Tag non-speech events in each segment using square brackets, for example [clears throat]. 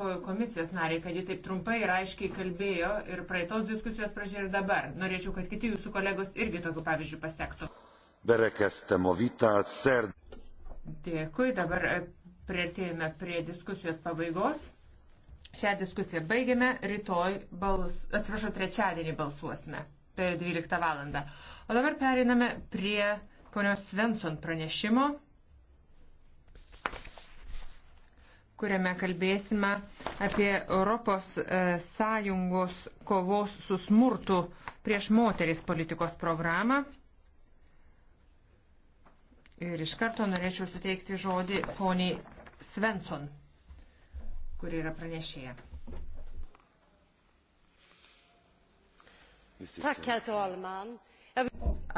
dėkoju komisijos nariai, kad ji taip trumpai ir aiškiai kalbėjo ir praeitos diskusijos pradžioje ir dabar. Norėčiau, kad kiti jūsų kolegos irgi tokiu pavyzdžiu pasiektų. Dėkui, dabar e, prieartėjame prie diskusijos pabaigos. Šią diskusiją baigėme, rytoj, balus, atsiprašau, trečiadienį balsuosime per 12 valandą. O dabar pereiname prie ponios Svensson pranešimo. kuriame kalbėsime apie Europos e, Sąjungos kovos su smurtu prieš moteris politikos programą. Ir iš karto norėčiau suteikti žodį poniai Svensson, kuri yra pranešėja.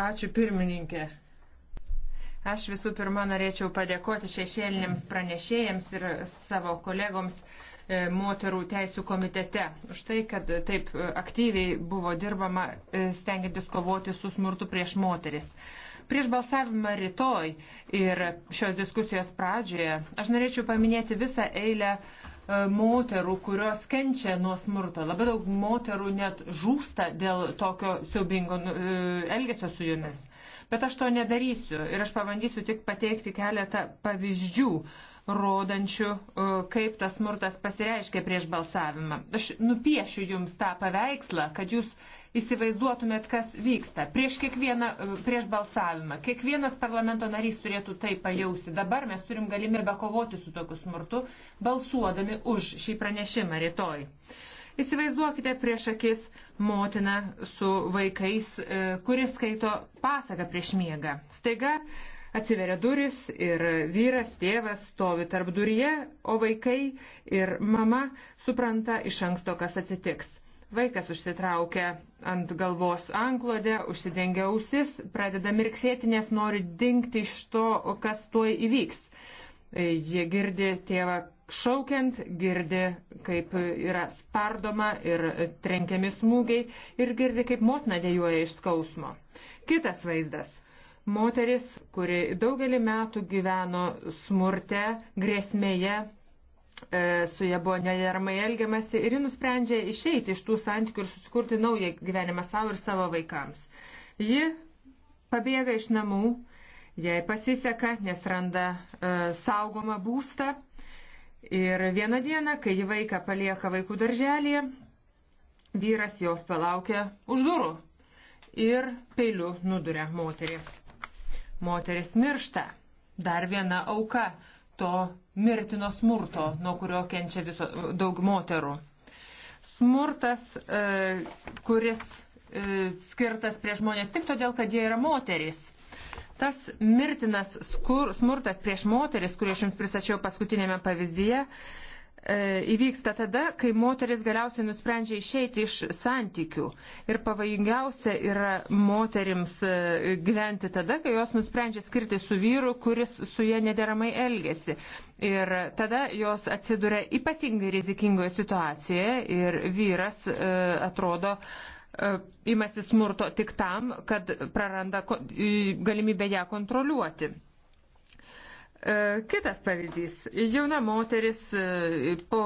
Ačiū pirmininkė. Aš visų pirma norėčiau padėkoti šešėlinėms pranešėjams ir savo kolegoms e, moterų teisų komitete už tai, kad taip e, aktyviai buvo dirbama e, stengiantis kovoti su smurtu prieš moteris. Prieš balsavimą rytoj ir šios diskusijos pradžioje aš norėčiau paminėti visą eilę moterų, kurios kenčia nuo smurto. Labai daug moterų net žūsta dėl tokio siaubingo elgesio su jomis. Bet aš to nedarysiu ir aš pabandysiu tik pateikti keletą pavyzdžių, rodančių, e, kaip tas smurtas pasireiškia prieš balsavimą. Aš nupiešiu jums tą paveikslą, kad jūs įsivaizduotumėt, kas vyksta. Prieš, kiekvieną, e, prieš balsavimą kiekvienas parlamento narys turėtų tai pajausti. Dabar mes turim galimybę kovoti su tokiu smurtu, balsuodami už šį pranešimą rytoj. Uh, Įsivaizduokite prieš akis motiną su vaikais, e, kuris skaito pasaką prieš miegą. Staiga atsiveria duris ir vyras, tėvas stovi tarp duryje, o vaikai ir mama supranta iš anksto, kas atsitiks. Vaikas užsitraukia ant galvos anklodę, užsidengia ausis, pradeda mirksėti, nes nori dinkti iš to, kas tuo įvyks. E, jie girdi tėvą šaukiant girdi, kaip yra spardoma ir trenkiami smūgiai ir girdi, kaip motina dėjoja iš skausmo. Kitas vaizdas. Moteris, kuri daugelį metų gyveno smurte, grėsmėje, e, su jie buvo nedermai elgiamasi ir ji nusprendžia išeiti iš tų santykių ir susikurti naują gyvenimą savo ir savo vaikams. Ji pabėga iš namų, jai pasiseka, nes randa e, saugomą būstą Ir vieną dieną, kai ji vaiką palieka vaikų darželėje, vyras jos palaukia už durų ir peiliu nuduria moterį. Moteris miršta. Dar viena auka to mirtino smurto, nuo kurio kenčia viso, daug moterų. Smurtas, e, kuris e, skirtas prie žmonės tik todėl, kad jie yra moteris tas mirtinas skur, smurtas prieš moteris, kurį aš jums pristačiau paskutinėme pavyzdyje, e, įvyksta tada, kai moteris galiausiai nusprendžia išeiti iš santykių. Ir pavojingiausia yra moterims e, gyventi tada, kai jos nusprendžia skirti su vyru, kuris su jie nederamai elgesi. Ir tada jos atsiduria ypatingai rizikingoje situacijoje ir vyras e, atrodo E, imasi smurto tik tam, kad praranda galimybę ją kontroliuoti. E, kitas pavyzdys. Jauna moteris e, po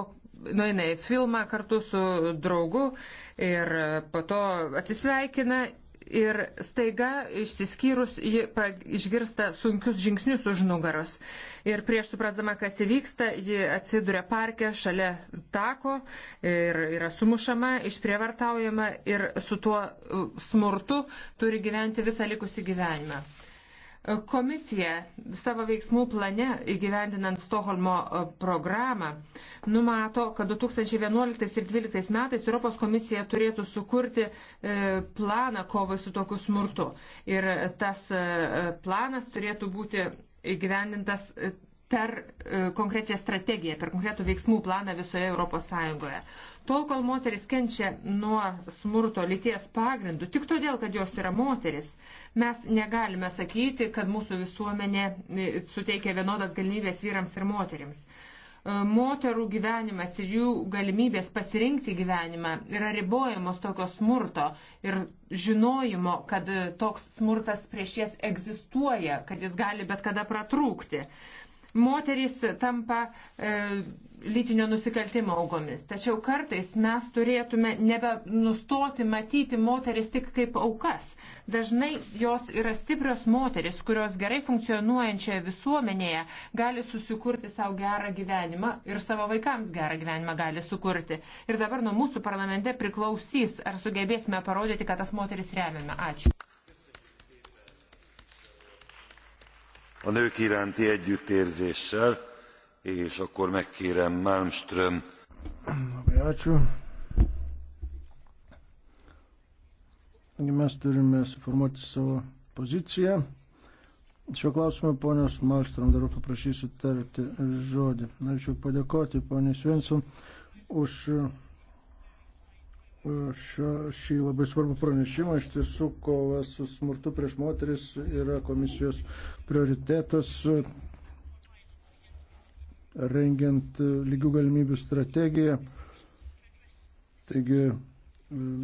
nueina į filmą kartu su draugu ir po to atsisveikina ir staiga išsiskyrus ji išgirsta sunkius žingsnius už nugaros. Ir prieš suprasdama, kas įvyksta, ji atsiduria parke šalia tako ir yra sumušama, išprievartaujama ir su tuo uh, smurtu turi gyventi visą likusį gyvenimą. Komisija savo veiksmų plane įgyvendinant Stoholmo e, programą numato, kad 2011 ir 2012 metais Europos komisija turėtų sukurti e, planą kovai su tokiu smurtu. Ir tas e, planas turėtų būti įgyvendintas per e, konkrečią strategiją, per konkretų veiksmų planą visoje ES. Tol, kol moteris kenčia nuo smurto lyties pagrindų, tik todėl, kad jos yra moteris, mes negalime sakyti, kad mūsų visuomenė e, suteikia vienodas galimybės vyrams ir moterims. E, moterų gyvenimas ir jų galimybės pasirinkti gyvenimą yra ribojamos tokio smurto ir žinojimo, kad toks smurtas prieš jas egzistuoja, kad jis gali bet kada pratrūkti. Moterys tampa e, lytinio nusikaltimo augomis. Tačiau kartais mes turėtume nebe nustoti matyti moteris tik kaip aukas. Dažnai jos yra stiprios moteris, kurios gerai funkcionuojančioje visuomenėje gali susikurti savo gerą gyvenimą ir savo vaikams gerą gyvenimą gali sukurti. Ir dabar nuo mūsų parlamente priklausys, ar sugebėsime parodyti, kad tas moteris remiame. Ačiū. a nők iránti együttérzéssel és akkor megkérem malmström Labai ačiū. Mes turime suformuoti savo poziciją. Šiuo klausimu ponios Malstrom dar paprašysiu tarti žodį. Norėčiau padėkoti poniai Svensson už šio, šį labai svarbų pranešimą. Iš tiesų, kova su smurtu prieš moteris yra komisijos prioritetas rengiant lygių galimybių strategiją. Taigi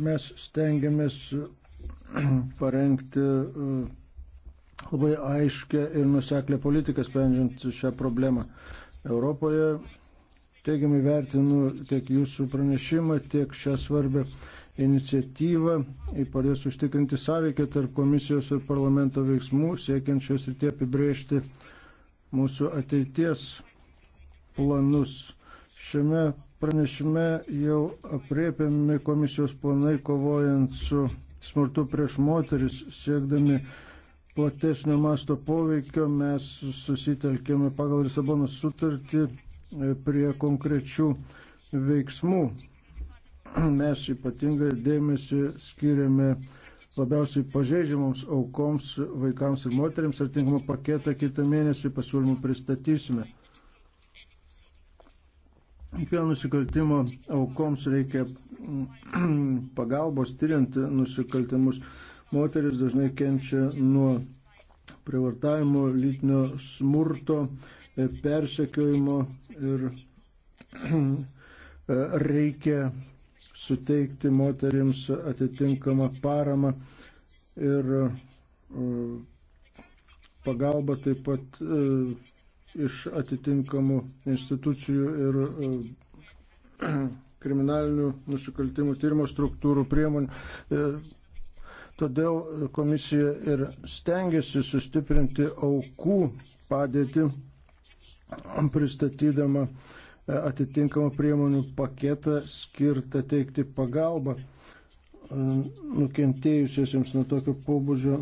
mes stengiamės parengti labai aiškę ir nuseklę politiką sprendžiant šią problemą. Europoje teigiamai vertinu tiek jūsų pranešimą, tiek šią svarbę iniciatyvą, įpadės užtikrinti sąveikę tarp komisijos ir parlamento veiksmų, siekiančios ir tie apibrėžti mūsų ateities planus. Šiame pranešime jau apriepiami komisijos planai kovojant su smurtu prieš moteris, siekdami platesnio masto poveikio, mes susitelkėme pagal Lisabonos sutartį prie konkrečių veiksmų. Mes ypatingai dėmesį skiriame labiausiai pažeidžiamoms aukoms, vaikams ir moteriams. Ar tinkamą paketą kitą mėnesį pasiūlymų pristatysime. Kiekvieno nusikaltimo aukoms reikia [clears throat] pagalbos tyriant nusikaltimus. Moteris dažnai kenčia nuo prievartavimo, lytinio smurto, E, persekiojimo ir e, reikia suteikti moterims atitinkamą paramą ir e, pagalbą taip pat iš atitinkamų institucijų ir kriminalinių nusikaltimų tyrimo struktūrų priemonių. Todėl komisija ir stengiasi sustiprinti aukų padėtį pristatydama e, atitinkamą priemonių paketą skirtą teikti pagalbą e, nukentėjusiesiems nuo tokio pobūdžio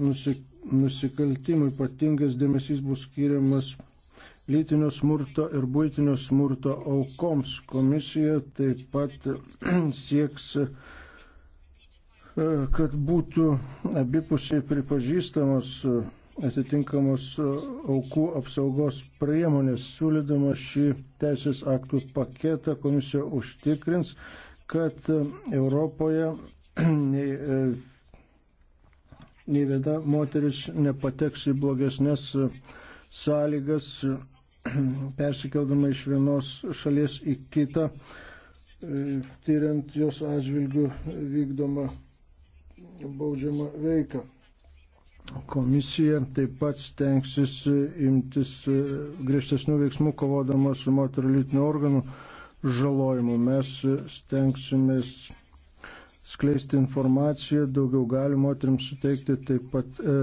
nusikaltimų. Ypatingas dėmesys bus skiriamas lytinio smurto ir būtinio smurto aukoms. Komisija taip pat [clears throat] sieks e, kad būtų abipusiai pripažįstamos atitinkamos aukų apsaugos priemonės. Siūlydama šį teisės aktų paketą komisija užtikrins, kad Europoje [clears throat] nei, e, nei viena moteris nepateks į blogesnės sąlygas [clears throat] persikeldama iš vienos šalies į kitą, e, tyriant jos atžvilgių vykdomą baudžiamą veiką. Komisija taip pat stengsis imtis e, griežtesnių veiksmų kovodama su moterų lytinių organų žalojimu. Mes stengsimės skleisti informaciją, daugiau gali moteriams suteikti, taip pat e,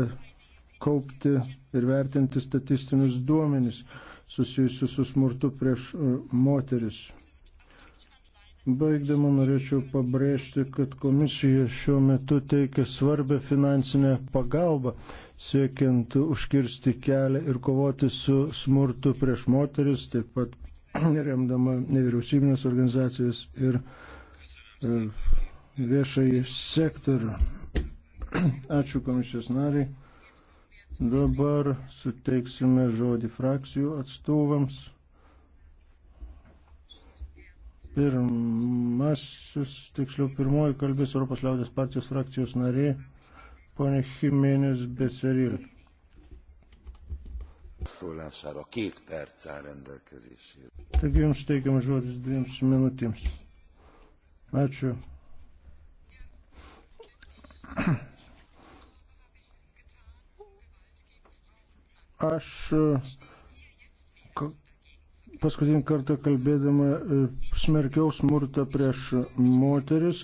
kaupti ir vertinti statistinius duomenis susijusius su smurtu prieš e, moteris. Baigdama norėčiau pabrėžti, kad komisija šiuo metu teikia svarbę finansinę pagalbą, siekiant užkirsti kelią ir kovoti su smurtu prieš moteris, taip pat [clears throat] remdama nevyriausybinės organizacijas ir e, viešai sektorių. [clears throat] Ačiū komisijos nariai. Dabar suteiksime žodį frakcijų atstovams. Pirmasis, tiksliau pirmoji kalbės Europos liaudės partijos frakcijos narė, ponė Jimenez Beceril. Szólására két perc áll rendelkezésére. Taigi jums teikiam žodis dviems minutėms. Ačiū. Aš paskutinį kartą kalbėdama e, smerkiau smurtą prieš moteris,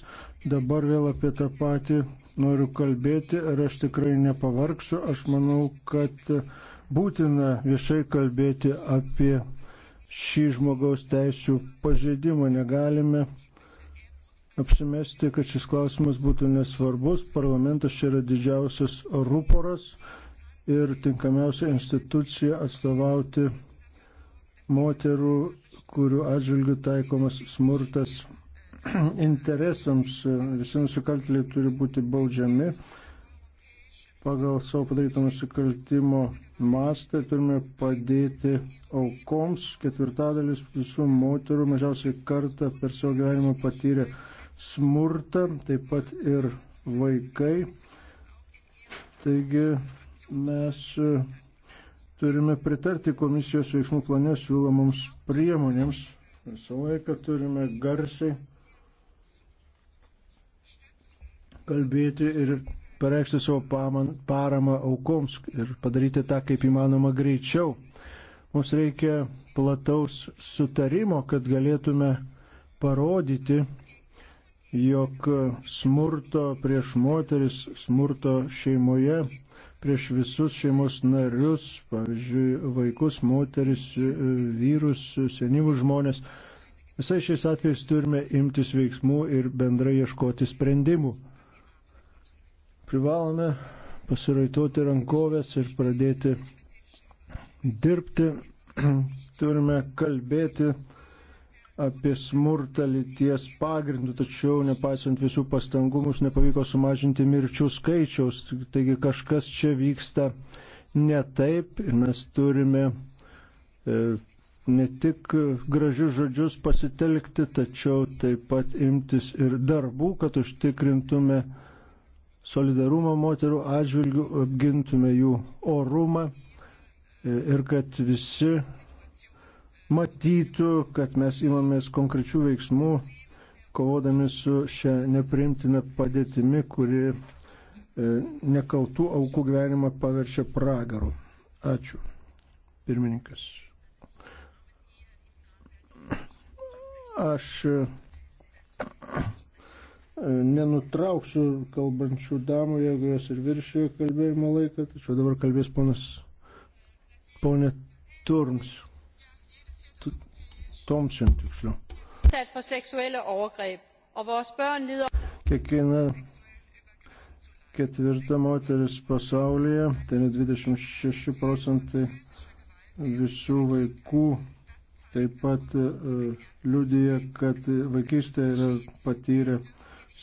dabar vėl apie tą patį noriu kalbėti ir aš tikrai nepavargsiu. Aš manau, kad būtina viešai kalbėti apie šį žmogaus teisų pažeidimą. Negalime apsimesti, kad šis klausimas būtų nesvarbus. Parlamentas čia yra didžiausias ruporas ir tinkamiausia institucija atstovauti moterų, kurių atžvilgių taikomas smurtas [clears throat] interesams. Visi nusikaltėliai turi būti baudžiami pagal savo padarytą nusikaltimo mastą turime padėti aukoms. Ketvirtadalis visų moterų mažiausiai kartą per savo gyvenimą patyrė smurtą, taip pat ir vaikai. Taigi mes turime pritarti komisijos veiksmų plane siūlomoms priemonėms. Visą laiką turime garsiai kalbėti ir pareikšti savo paman, paramą aukoms ir padaryti tą kaip įmanoma greičiau. Mums reikia plataus sutarimo, kad galėtume parodyti, jog smurto prieš moteris, smurto šeimoje prieš visus šeimos narius, pavyzdžiui, vaikus, moteris, e, vyrus, senyvus žmonės. Visai šiais atvejais turime imtis veiksmų ir bendrai ieškoti sprendimų. Privalome pasiraitoti rankovės ir pradėti dirbti. [clears throat] turime kalbėti apie smurtą lyties pagrindų, tačiau nepaisant visų pastangų mums nepavyko sumažinti mirčių skaičiaus. Taigi kažkas čia vyksta ne taip ir mes turime e, ne tik gražius žodžius pasitelkti, tačiau taip pat imtis ir darbų, kad užtikrintume solidarumą moterų atžvilgių, apgintume jų orumą e, ir kad visi matytų, kad mes imamės konkrečių veiksmų, kovodami su šią neprimtiną padėtimi, kuri e, nekaltų aukų gyvenimą paverčia pragaru. Ačiū. Pirmininkas. Aš e, nenutrauksiu kalbančių damų, jeigu jos ir viršėjo kalbėjimo laiką, tačiau dabar kalbės ponas ponė Turms. Tomsen, tiksliau. Kiekviena ketvirta moteris pasaulyje, tai ne 26 procentai visų vaikų, taip pat uh, liudija, kad vaikystė yra patyrę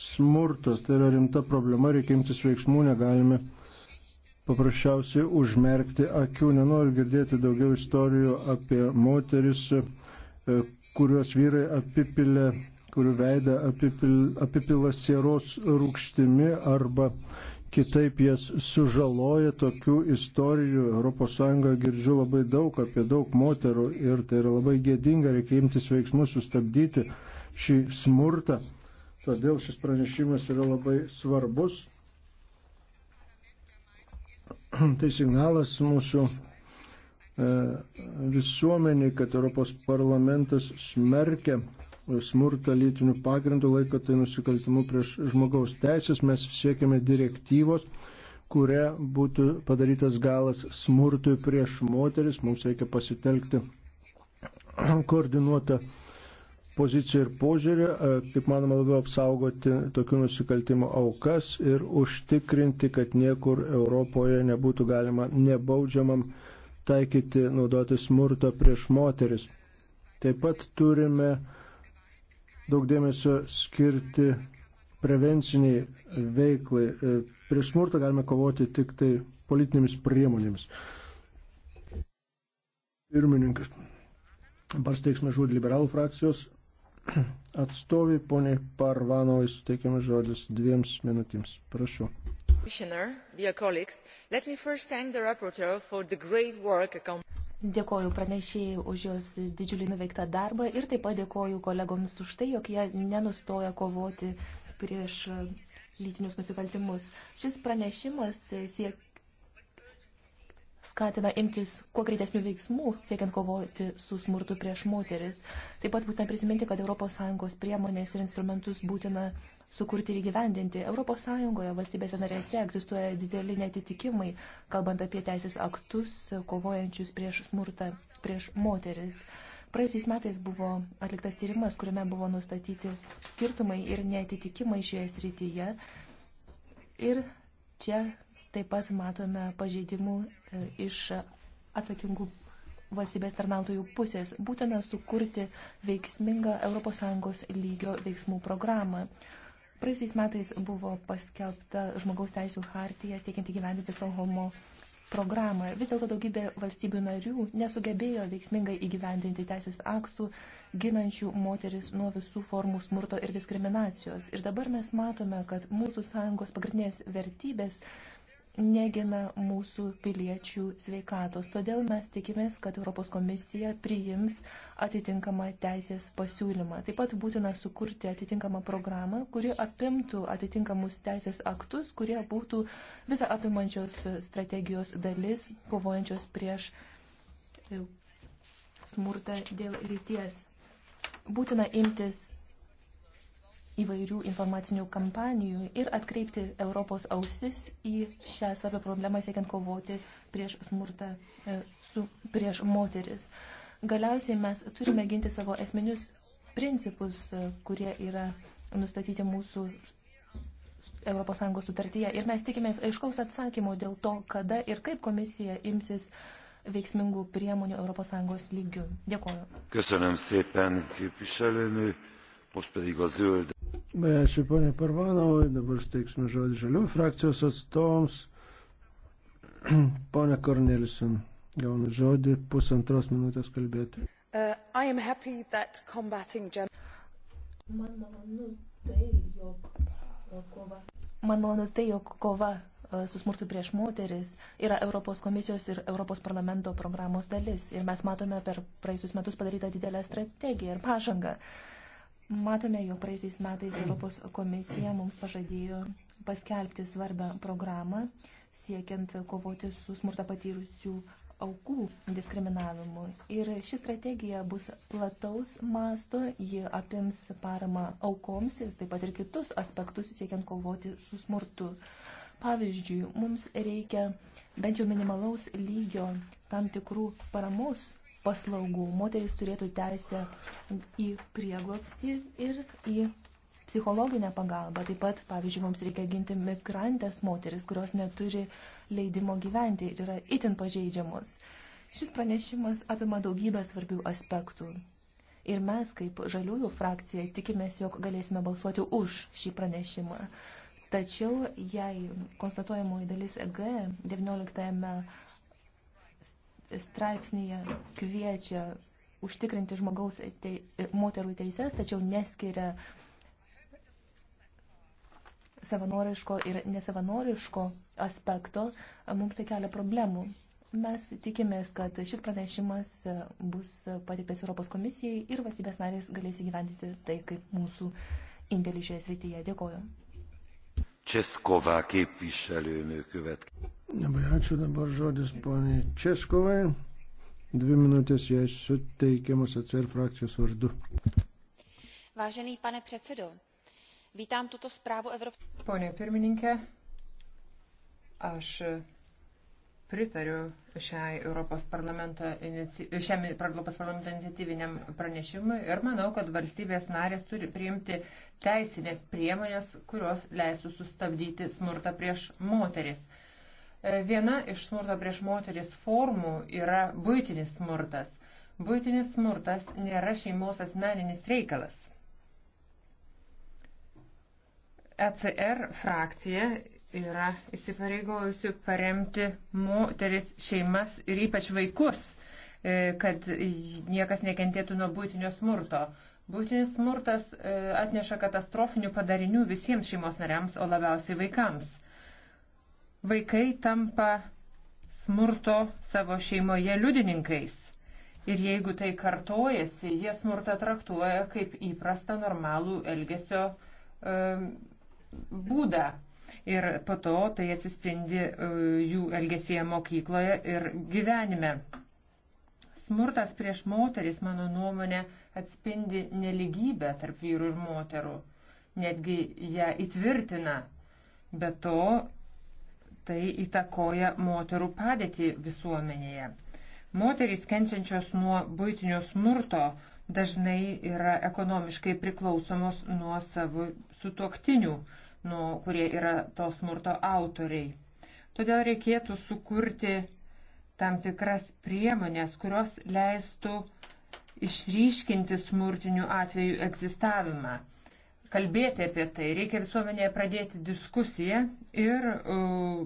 smurto. Tai yra rimta problema, reikia imtis veiksmų, negalime paprasčiausiai užmerkti akių. Nenoriu girdėti daugiau istorijų apie moteris, E, kuriuos vyrai apipilė, kurių veidą apipil, apipila sieros rūkštimi arba kitaip jas sužaloja. Tokių istorijų ES girdžiu labai daug apie daug moterų ir tai yra labai gėdinga, reikia imtis veiksmus, sustabdyti šį smurtą. Todėl šis pranešimas yra labai svarbus. [clears throat] Tai signalas mūsų E, visuomenį, kad Europos parlamentas smerkia smurtą lytinių pagrindų laiko tai nusikaltimu prieš žmogaus teisės. Mes siekiame direktyvos, kuria būtų padarytas galas smurtui prieš moteris. Mums reikia pasitelkti [clears throat] koordinuotą poziciją ir požiūrį, e, kaip manoma, labiau apsaugoti tokių nusikaltimų aukas ir užtikrinti, kad niekur Europoje nebūtų galima nebaudžiamam uh, taikyti, naudoti smurto prieš moteris. Taip pat turime daug dėmesio skirti prevenciniai veiklai. E, prieš smurtą galime kovoti tik tai politinėmis priemonėmis. Pirmininkas. Dabar steiksime žodį liberalų frakcijos atstovai, poniai Parvanovai, suteikiamas žodis dviems minutėms. Prašau commissioner dear colleagues let me first thank the rapporteur for the great work accomplished. Dėkoju pranešėjai už jos didžiulį nuveiktą darbą ir taip pat dėkoju kolegoms už tai, jog jie nenustoja kovoti prieš e, lytinius nusikaltimus. Šis pranešimas e, siek skatina imtis kuo greitesnių veiksmų, siekiant kovoti su smurtu prieš moteris. Taip pat būtent prisiminti, kad ES priemonės ir instrumentus būtina sukurti ir gyvendinti. ES valstybėse narėse egzistuoja dideli netitikimai, kalbant apie teisės aktus, kovojančius prieš smurtą, prieš moteris. Praėjusiais metais buvo atliktas tyrimas, kuriame buvo nustatyti skirtumai ir netitikimai šioje srityje. Ir čia taip pat matome pažeidimų e, iš atsakingų valstybės tarnautojų pusės būtina sukurti veiksmingą ES lygio veiksmų programą. Praėjusiais metais buvo paskelbta žmogaus teisų hartija siekiant įgyvendinti Stokholmo programą. Vis dėlto daugybė valstybių narių nesugebėjo veiksmingai įgyvendinti teisės aktų, ginančių moteris nuo visų formų smurto ir diskriminacijos. Ir dabar mes matome, kad mūsų sąjungos pagrindinės vertybės negina mūsų piliečių sveikatos. Todėl mes tikimės, kad Europos komisija priims atitinkamą teisės pasiūlymą. Taip pat būtina sukurti atitinkamą programą, kuri apimtų atitinkamus teisės aktus, kurie būtų visą apimančios strategijos dalis, kovojančios prieš e, smurtą dėl lyties. Būtina imtis įvairių informacinių kampanijų ir atkreipti Europos ausis į šią svarbią problemą, siekiant kovoti prieš smurtą e, su, prieš moteris. Galiausiai mes turime ginti savo esminius principus, e, kurie yra nustatyti mūsų ES sutartyje. Ir mes tikimės aiškaus atsakymo dėl to, kada ir kaip komisija imsis veiksmingų priemonių ES lygių. Dėkoju. Köszönöm szépen, képviselőnő. Most pedig a zöld Ačiū ponė Parvanovai, dabar steiksime žodį žalių frakcijos atstovams. [clears throat] Pone Kornelison, gaunu žodį pusantros minutės kalbėti. Uh, combating... Man malonu tai, jog uh, kova, Man malonu tai, jog kova uh, su smurtu prieš moteris yra Europos komisijos ir Europos parlamento programos dalis. Ir mes matome per praėjusius metus padarytą didelę strategiją ir pažangą. Uh, Matome, jog praėjusiais metais Europos komisija mums pažadėjo paskelbti svarbę programą siekiant kovoti su smurta patyrusių aukų diskriminavimu. Ir ši strategija bus plataus masto, ji apims paramą aukoms ir taip pat ir kitus aspektus siekiant kovoti su smurtu. Pavyzdžiui, mums reikia bent jau minimalaus lygio tam tikrų paramos paslaugų. Moteris turėtų teisę į prieglobstį ir į psichologinę pagalbą. Taip pat, pavyzdžiui, mums reikia ginti migrantės moteris, kurios neturi leidimo gyventi ir yra itin pažeidžiamos. Šis pranešimas apima daugybę svarbių aspektų. Ir mes, kaip žaliųjų frakcija, tikimės, jog galėsime balsuoti už šį pranešimą. Tačiau, jei konstatuojamoji dalis G 19 straipsnėje kviečia užtikrinti žmogaus te, moterų teises, tačiau neskiria savanoriško ir nesavanoriško aspekto, mums tai kelia problemų. Mes tikimės, kad šis pranešimas bus pateiktas Europos komisijai ir valstybės narės galės įgyvendyti tai kaip mūsų indėlį šioje srityje. Dėkoju. Česková képviselőnő következik. Labai ačiū dabar žodis poniai Českovai. Dvi minutės jai suteikiamas ACR frakcijos vardu. Vážený pane předsedo, vítám tuto zprávu Evropské. Pone pirmininkė, aš pritariu šiai Europos parlamento, šiam Europos parlamento iniciatyviniam pranešimui ir manau, kad valstybės narės turi priimti teisinės priemonės, kurios leistų sustabdyti smurtą prieš moteris. E, viena iš smurto prieš moteris formų yra būtinis smurtas. Būtinis smurtas nėra šeimos asmeninis reikalas. ECR frakcija yra įsipareigojusi paremti moteris, šeimas ir ypač vaikus, e, kad niekas nekentėtų nuo būtinio smurto. Būtinis smurtas e, atneša katastrofinių padarinių visiems šeimos nariams, o labiausiai vaikams. Vaikai tampa smurto savo šeimoje liudininkais. Ir jeigu tai kartojasi, jie smurtą traktuoja kaip įprastą normalų elgesio um, būdą ir po to tai atsispindi e, jų elgesyje mokykloje ir gyvenime. Smurtas prieš moteris, mano nuomonė, atspindi neligybę tarp vyrų ir moterų, netgi ją įtvirtina. Be to, tai įtakoja moterų padėtį visuomenėje. Moterys kenčiančios nuo būtinio smurto dažnai yra ekonomiškai priklausomos nuo savo sutuoktinių nu, kurie yra to smurto autoriai. Todėl reikėtų sukurti tam tikras priemonės, kurios leistų išryškinti smurtinių atvejų egzistavimą. Kalbėti apie tai reikia visuomenėje pradėti diskusiją ir uh,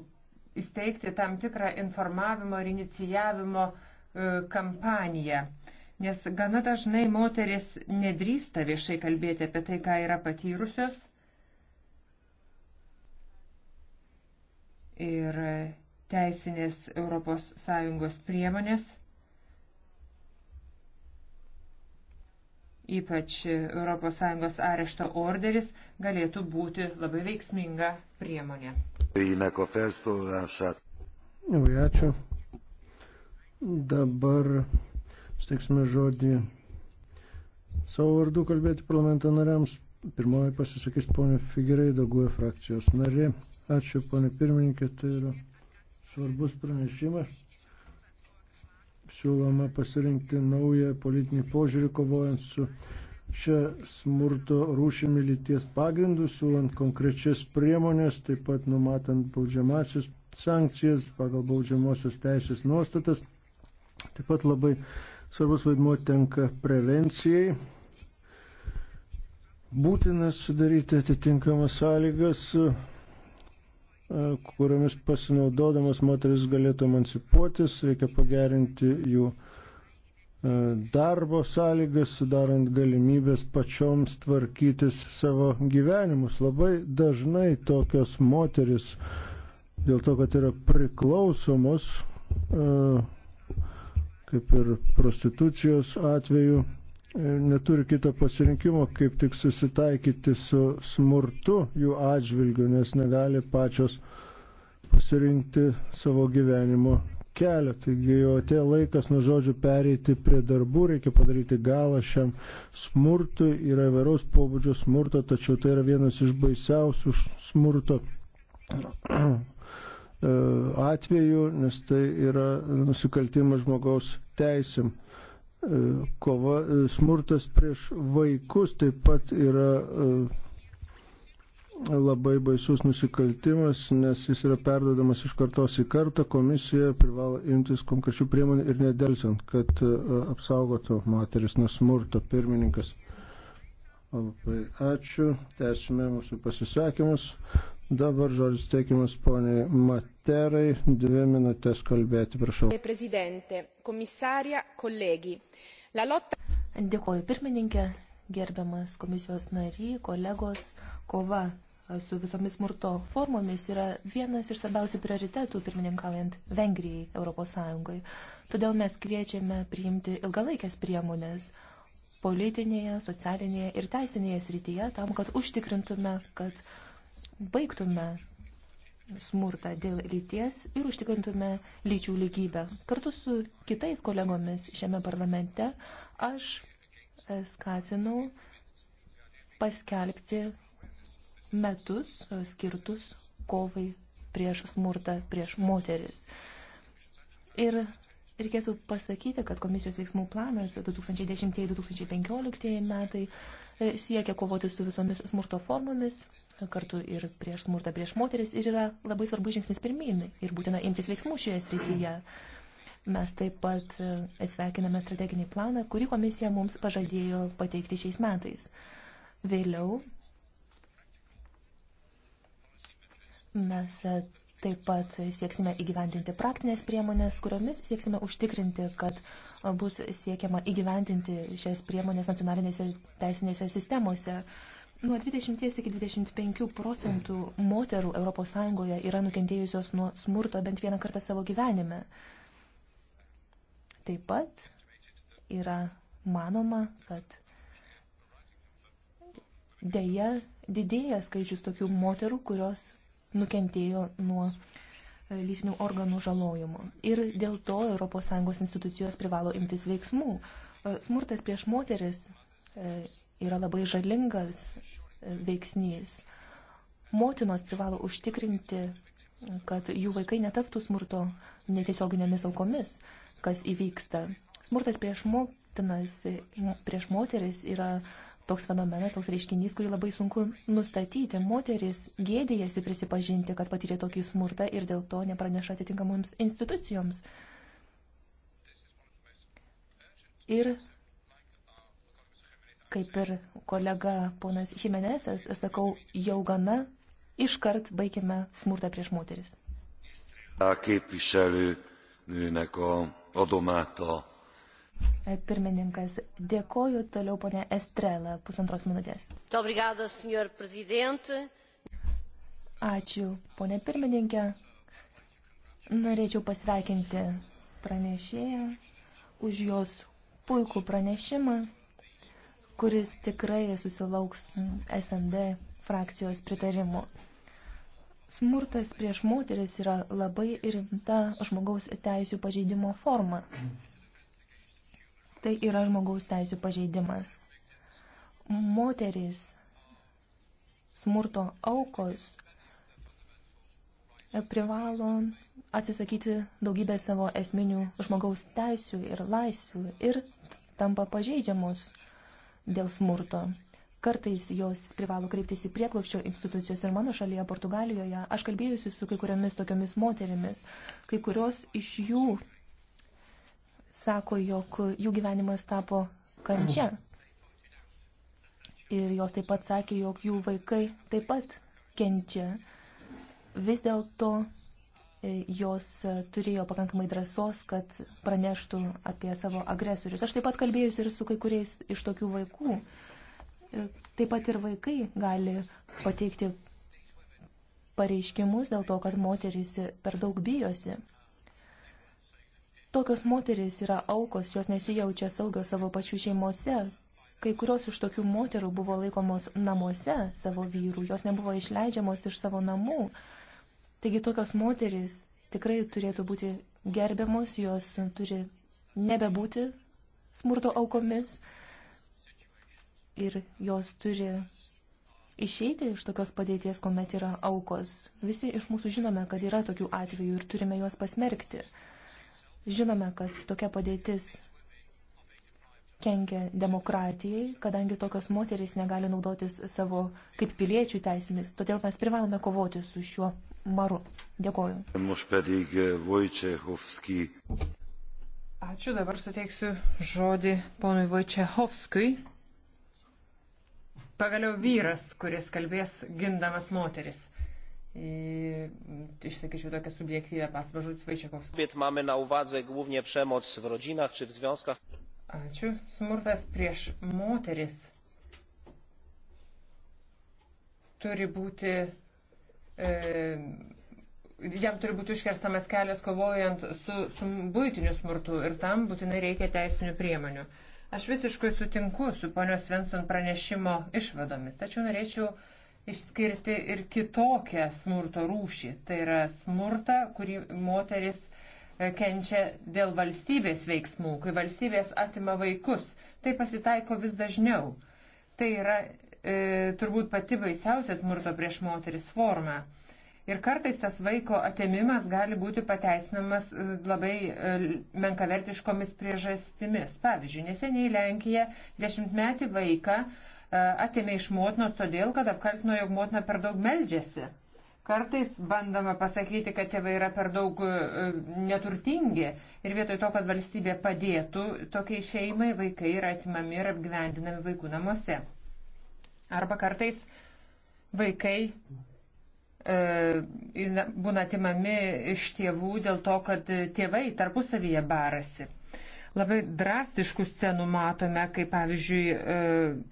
įsteigti tam tikrą informavimo ir inicijavimo uh, kampaniją. Nes gana dažnai moteris nedrįsta viešai kalbėti apie tai, ką yra patyrusios ir teisinės ES priemonės, ypač ES arešto orderis, galėtų būti labai veiksminga priemonė. Labai ačiū. Dabar steiksime žodį savo vardu kalbėti parlamento nariams. Pirmoji pasisakys ponė Figereido GUE frakcijos narė. Ačiū, ponė pirmininkė, tai yra svarbus pranešimas. Siūloma pasirinkti naują politinį požiūrį kovojant su šią smurto rūšimi lyties pagrindų, siūlant konkrečias priemonės, taip pat numatant baudžiamasis sankcijas pagal baudžiamosios teisės nuostatas. Taip pat labai svarbus vaidmuo tenka prevencijai. Būtina sudaryti atitinkamas sąlygas kuriomis pasinaudodamas moteris galėtų emancipuotis, reikia pagerinti jų e, darbo sąlygas, sudarant galimybės pačioms tvarkytis savo gyvenimus. Labai dažnai tokios moteris, dėl to, kad yra priklausomos, e, kaip ir prostitucijos atveju, neturi kito pasirinkimo, kaip tik susitaikyti su smurtu jų atžvilgiu, nes negali pačios pasirinkti savo gyvenimo kelio. Taigi jau atėjo laikas nuo žodžių pereiti prie darbų, reikia padaryti galą šiam smurtui. Yra įvairaus pobūdžio smurto, tačiau tai yra vienas iš baisiausių smurto [clears throat] e, atveju, nes tai yra nusikaltimas žmogaus teisėm. Kova e, smurtas prieš vaikus taip pat yra e, labai baisus nusikaltimas, nes jis yra perdodamas iš kartos į kartą. Komisija privalo imtis konkrečių priemonių ir nedelsiant, kad e, apsaugotų moteris nuo smurto pirmininkas. Labai ačiū. Tęsime mūsų pasisakymus. Dabar žodis teikimas poniai Materai, dvi minutės kalbėti, prašau. Prezidentė, komisarija, kolegi. La lotta... Dėkoju pirmininkė, gerbiamas komisijos nary, kolegos, kova su visomis smurto formomis yra vienas iš svarbiausių prioritetų pirmininkaujant Vengrijai Europos Sąjungai. Todėl mes kviečiame priimti ilgalaikės priemonės politinėje, socialinėje ir teisinėje srityje tam, kad užtikrintume, kad baigtume smurtą dėl lyties ir užtikrintume lyčių lygybę. Kartu su kitais kolegomis šiame parlamente aš e, skatinau paskelbti metus e, skirtus kovai prieš smurtą prieš moteris. Ir Reikėtų pasakyti, kad komisijos veiksmų planas 2010-2015 metai e, siekia kovoti su visomis smurto formomis, kartu ir prieš smurtą prieš moteris, ir yra labai svarbus žingsnis pirmin ir būtina imtis veiksmų šioje srityje. Mes taip pat e, sveikiname strateginį planą, kurį komisija mums pažadėjo pateikti šiais metais. Vėliau mes e, Taip pat sieksime įgyvendinti praktinės priemonės, kuriomis sieksime užtikrinti, kad bus siekiama įgyvendinti šias priemonės nacionalinėse teisinėse sistemose. Nuo 20 iki 25 procentų moterų ES yra nukentėjusios nuo smurto bent vieną kartą savo gyvenime. Taip pat yra manoma, kad dėja didėja skaičius tokių moterų, kurios nukentėjo nuo e, lytinių organų žalojimo. Ir dėl to ES institucijos privalo imtis veiksmų. E, smurtas prieš moteris e, yra labai žalingas veiksnys. Motinos privalo užtikrinti, kad jų vaikai netaptų smurto netiesioginėmis aukomis, kas įvyksta. Smurtas prieš motinas, prieš moteris yra uh, toks fenomenas, toks reiškinys, kurį labai sunku nustatyti. Moteris gėdėjasi prisipažinti, kad patyrė tokį smurtą ir dėl to nepraneša atitinkamoms institucijoms. Ir kaip ir kolega ponas Jimenezas, sakau, jau gana, iškart baigime smurtą prieš moteris. A képviselő nőnek a adomát a Pirmininkas, dėkoju toliau ponė Estrela, pusantros minutės. Obrigada, senor prezidente. Ačiū, ponė pirmininkė. Norėčiau pasveikinti pranešėją už jos puikų pranešimą, kuris tikrai susilauks SND frakcijos pritarimo. Smurtas prieš moteris yra labai rimta žmogaus teisų pažeidimo forma tai yra žmogaus teisų pažeidimas. Moteris, smurto aukos e, privalo atsisakyti daugybę savo esminių žmogaus teisių ir laisvių ir tampa pažeidžiamos dėl smurto. Kartais jos privalo kreiptis į prieklopščio institucijos ir mano šalyje, Portugalijoje, aš kalbėjusi su kai kuriomis tokiomis moterimis, kai kurios iš jų sako, jog jų gyvenimas tapo kančia. Ir jos taip pat sakė, jog jų vaikai taip pat kenčia. Vis dėlto e, jos turėjo pakankamai drąsos, kad praneštų apie savo agresorius. Aš taip pat kalbėjusi ir su kai kuriais iš tokių vaikų. E, taip pat ir vaikai gali pateikti pareiškimus dėl to, kad moteris per daug bijosi. Tokios moterys yra aukos, jos nesijaučia saugios savo pačių šeimose. Kai kurios iš tokių moterų buvo laikomos namuose savo vyrų, jos nebuvo išleidžiamos iš savo namų. Taigi tokios moterys tikrai turėtų būti gerbiamos, jos turi nebebūti smurto aukomis ir jos turi išeiti iš tokios padėties, kuomet yra aukos. Visi iš mūsų žinome, kad yra tokių atvejų ir turime juos pasmerkti. Žinome, kad tokia padėtis kenkia demokratijai, kadangi tokios moterys negali naudotis savo kaip piliečių teisėmis. Todėl mes privalome kovoti su šiuo maru. Dėkoju. Ačiū, dabar suteiksiu žodį ponui Vojčehovskui. Pagaliau vyras, kuris kalbės gindamas moteris išsakyčiau tokią subjektyvę pastabą žodis Vaičiakovs. Kobiet mamy na uwadze głównie przemoc w rodzinach czy w związkach. Ačiū. Smurtas prieš moteris turi būti, e, jam turi būti užkerstamas kelias kovojant su, su būtiniu smurtu ir tam būtinai reikia teisinių priemonių. Aš visiškai sutinku su ponios Svensson pranešimo išvadomis, tačiau norėčiau e, išskirti ir kitokią smurto rūšį. Tai yra smurta, kurį moteris e, kenčia dėl valstybės veiksmų, kai valstybės atima vaikus. Tai pasitaiko vis dažniau. Tai yra e, turbūt pati baisiausia smurto prieš moteris forma. Ir kartais tas vaiko atėmimas gali būti pateisinamas e, labai e, menkavertiškomis priežastimis. Pavyzdžiui, neseniai Lenkija dešimtmetį vaiką E, atėmė iš motinos todėl, kad apkaltino, jog motina per daug meldžiasi. Kartais bandama pasakyti, kad tėvai yra per daug e, neturtingi ir vietoj to, kad valstybė padėtų tokiai šeimai, vaikai yra atimami ir apgyvendinami vaikų namuose. Arba kartais vaikai e, būna atimami iš tėvų dėl to, kad tėvai tarpusavyje barasi. Labai drastiškų scenų matome, kaip pavyzdžiui e,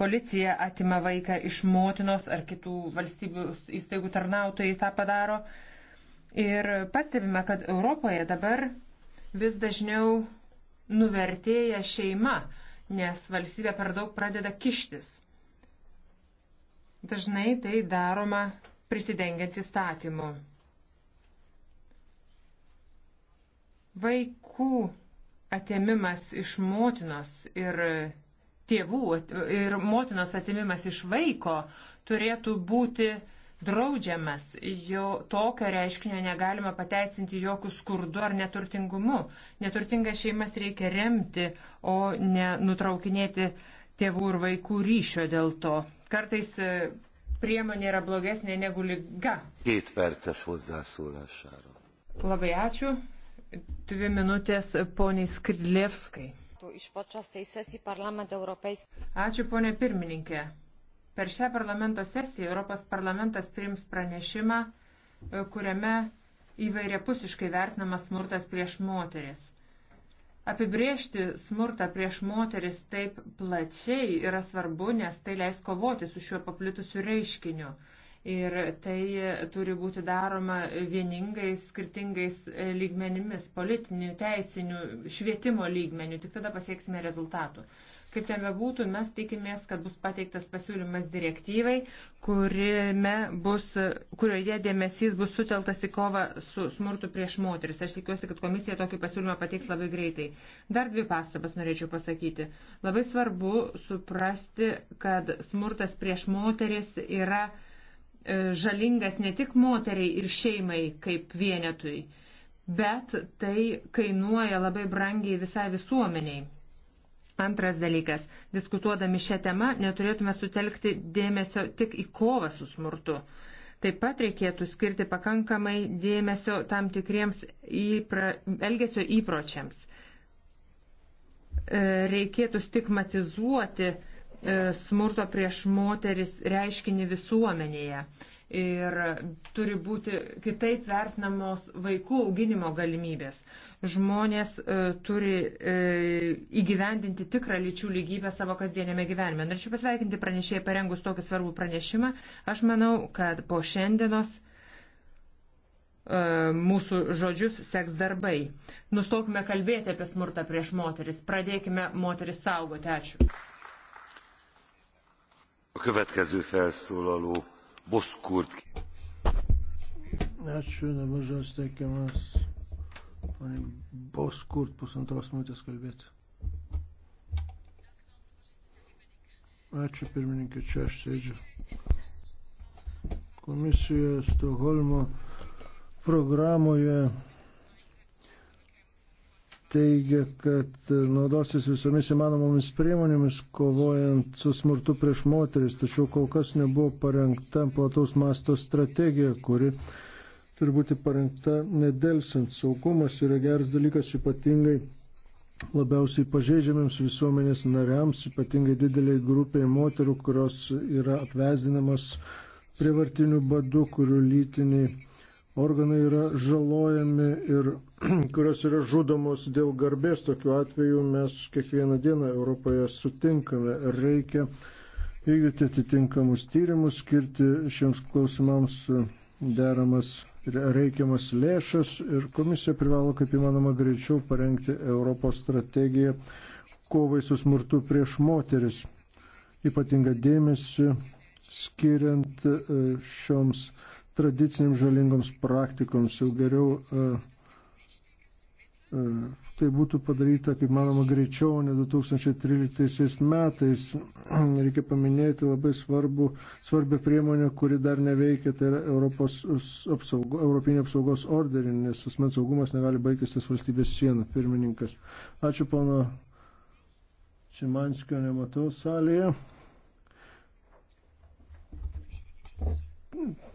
policija atima vaiką iš motinos ar kitų valstybių įstaigų tarnautojai tą padaro. Ir pastebime, kad Europoje dabar vis dažniau nuvertėja šeima, nes valstybė per daug pradeda kištis. Dažnai tai daroma prisidengiant įstatymu. Vaikų atėmimas iš motinos ir tėvų ir motinos atėmimas iš vaiko turėtų būti draudžiamas. Jo tokio reiškinio negalima pateisinti jokių skurdu ar neturtingumu. Neturtingas šeimas reikia remti, o ne nutraukinėti tėvų ir vaikų ryšio dėl to. Kartais e, priemonė yra blogesnė negu lyga. Labai ačiū. Dvi minutės poniai Skridlevskai. Tai Ačiū ponė pirmininkė. Per šią parlamento sesiją Europos parlamentas priims pranešimą, e, kuriame įvairiapusiškai vertinamas smurtas prieš moteris. Apibriežti smurtą prieš moteris taip plačiai yra svarbu, nes tai leis kovoti su šiuo paplitusiu reiškiniu. Ir tai turi būti daroma vieningais, skirtingais lygmenimis - politinių, teisinių, švietimo lygmenių. Tik tada pasieksime rezultatų. Kaip ten bebūtų, mes tikimės, kad bus pateiktas pasiūlymas direktyvai, bus, kurioje dėmesys bus suteltas į kovą su smurtu prieš moteris. Aš tikiuosi, kad komisija tokį pasiūlymą pateiks labai greitai. Dar dvi pastabas norėčiau pasakyti. Labai svarbu suprasti, kad smurtas prieš moteris yra E, žalingas ne tik moteriai ir šeimai kaip vienetui, bet tai kainuoja labai brangiai visai visuomeniai. Antras dalykas, diskutuodami šią temą neturėtume sutelkti dėmesio tik į kovą su smurtu. Taip pat reikėtų skirti pakankamai dėmesio tam tikriems įpra, elgesio įpročiams. E, reikėtų stigmatizuoti uh, E, smurto prieš moteris reiškinį visuomenėje. Ir turi būti kitaip vertinamos vaikų auginimo galimybės. Žmonės e, turi e, įgyvendinti tikrą lyčių lygybę savo kasdienėme gyvenime. Norėčiau pasveikinti pranešėjai parengus tokį svarbų pranešimą. Aš manau, kad po šiandienos e, mūsų žodžius seks darbai. Nustokime kalbėti apie smurtą prieš moteris, pradėkime moteris saugoti. Ačiū. A következő felszólaló Boszkurt. Ačiū, dabar žodis teikiamas Boskurt pusantros minutės kalbėti. Ačiū pirmininkė, čia aš sėdžiu. Komisijoje Stokholmo programoje teigia, kad naudosis visomis įmanomomis priemonėmis kovojant su smurtu prieš moteris, tačiau kol kas nebuvo parengta plataus masto strategija, kuri turi būti parengta nedelsant. Saugumas yra geras dalykas ypatingai labiausiai pažeidžiamiams visuomenės nariams, ypatingai dideliai grupiai moterų, kurios yra apvesdinamas prievartinių badų, kurių lytiniai organai yra žalojami ir [clears throat] kurios yra žudomos dėl garbės. Tokiu atveju mes kiekvieną dieną Europoje sutinkame. Reikia vykdyti atitinkamus tyrimus, skirti šiems klausimams deramas reikiamas lėšas ir komisija privalo kaip įmanoma greičiau parengti Europos strategiją kovai su smurtu prieš moteris. Ypatinga dėmesį skiriant e, šioms tradiciniams žalingoms praktikoms jau geriau e, E, tai būtų padaryta, kaip manoma, greičiau, ne 2013 metais. [clears throat] Reikia paminėti labai svarbu, svarbę priemonę, kuri dar neveikia, tai yra Europos apsaugo, Europinė apsaugos orderį, nes asmens saugumas negali baigtis ties valstybės sieną. Pirmininkas. Ačiū pono Šimanskio, nematau salėje.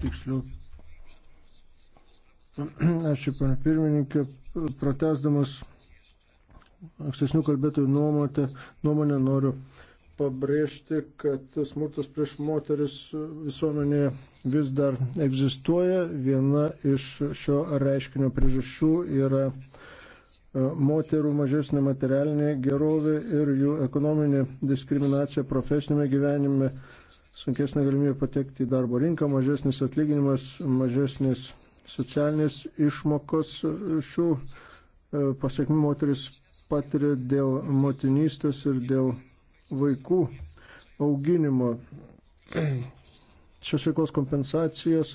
Tiksliau [clears throat] Ačiū, pana pirmininkė, protesdamas ankstesnių kalbėtojų nuomonę, nuomonę noriu pabrėžti, kad smurtas prieš moteris visuomenėje vis dar egzistuoja. Viena iš šio reiškinio priežasčių yra e, moterų mažesnė materialinė gerovė ir jų ekonominė diskriminacija profesinėme gyvenime, sunkesnė galimybė patekti į darbo rinką, mažesnis atlyginimas, mažesnis socialinės išmokos šių e, pasiekmių moteris patiria dėl motinystės ir dėl vaikų auginimo. Šios veiklos kompensacijos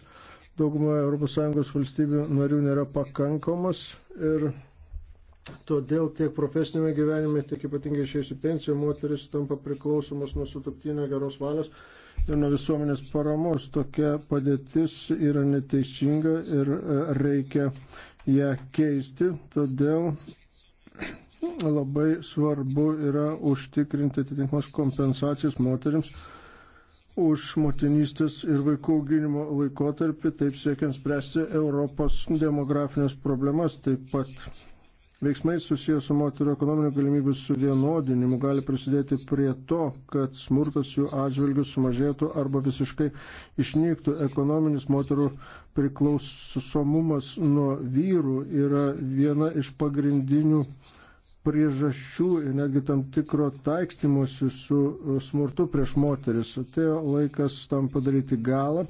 daugumoje ES valstybių narių nėra pakankamos ir todėl tiek profesinėme gyvenime, tiek ypatingai išėjusi pensija moteris tampa priklausomos nuo sutaktinio geros valios ir nuo visuomenės paramos. Tokia padėtis yra neteisinga ir e, reikia ją keisti. Todėl labai svarbu yra užtikrinti atitinkamas kompensacijas moteriams už motinystės ir vaikų auginimo laikotarpį, taip siekiant spręsti Europos demografinės problemas, taip pat Veiksmai susijęs su moterų ekonominių galimybių suvienodinimu gali prisidėti prie to, kad smurtas jų atžvilgių sumažėtų arba visiškai išnyktų. Ekonominis moterų priklausomumas nuo vyrų yra viena iš pagrindinių priežasčių ir netgi tam tikro taikstymosi su smurtu prieš moteris. Atėjo laikas tam padaryti galą.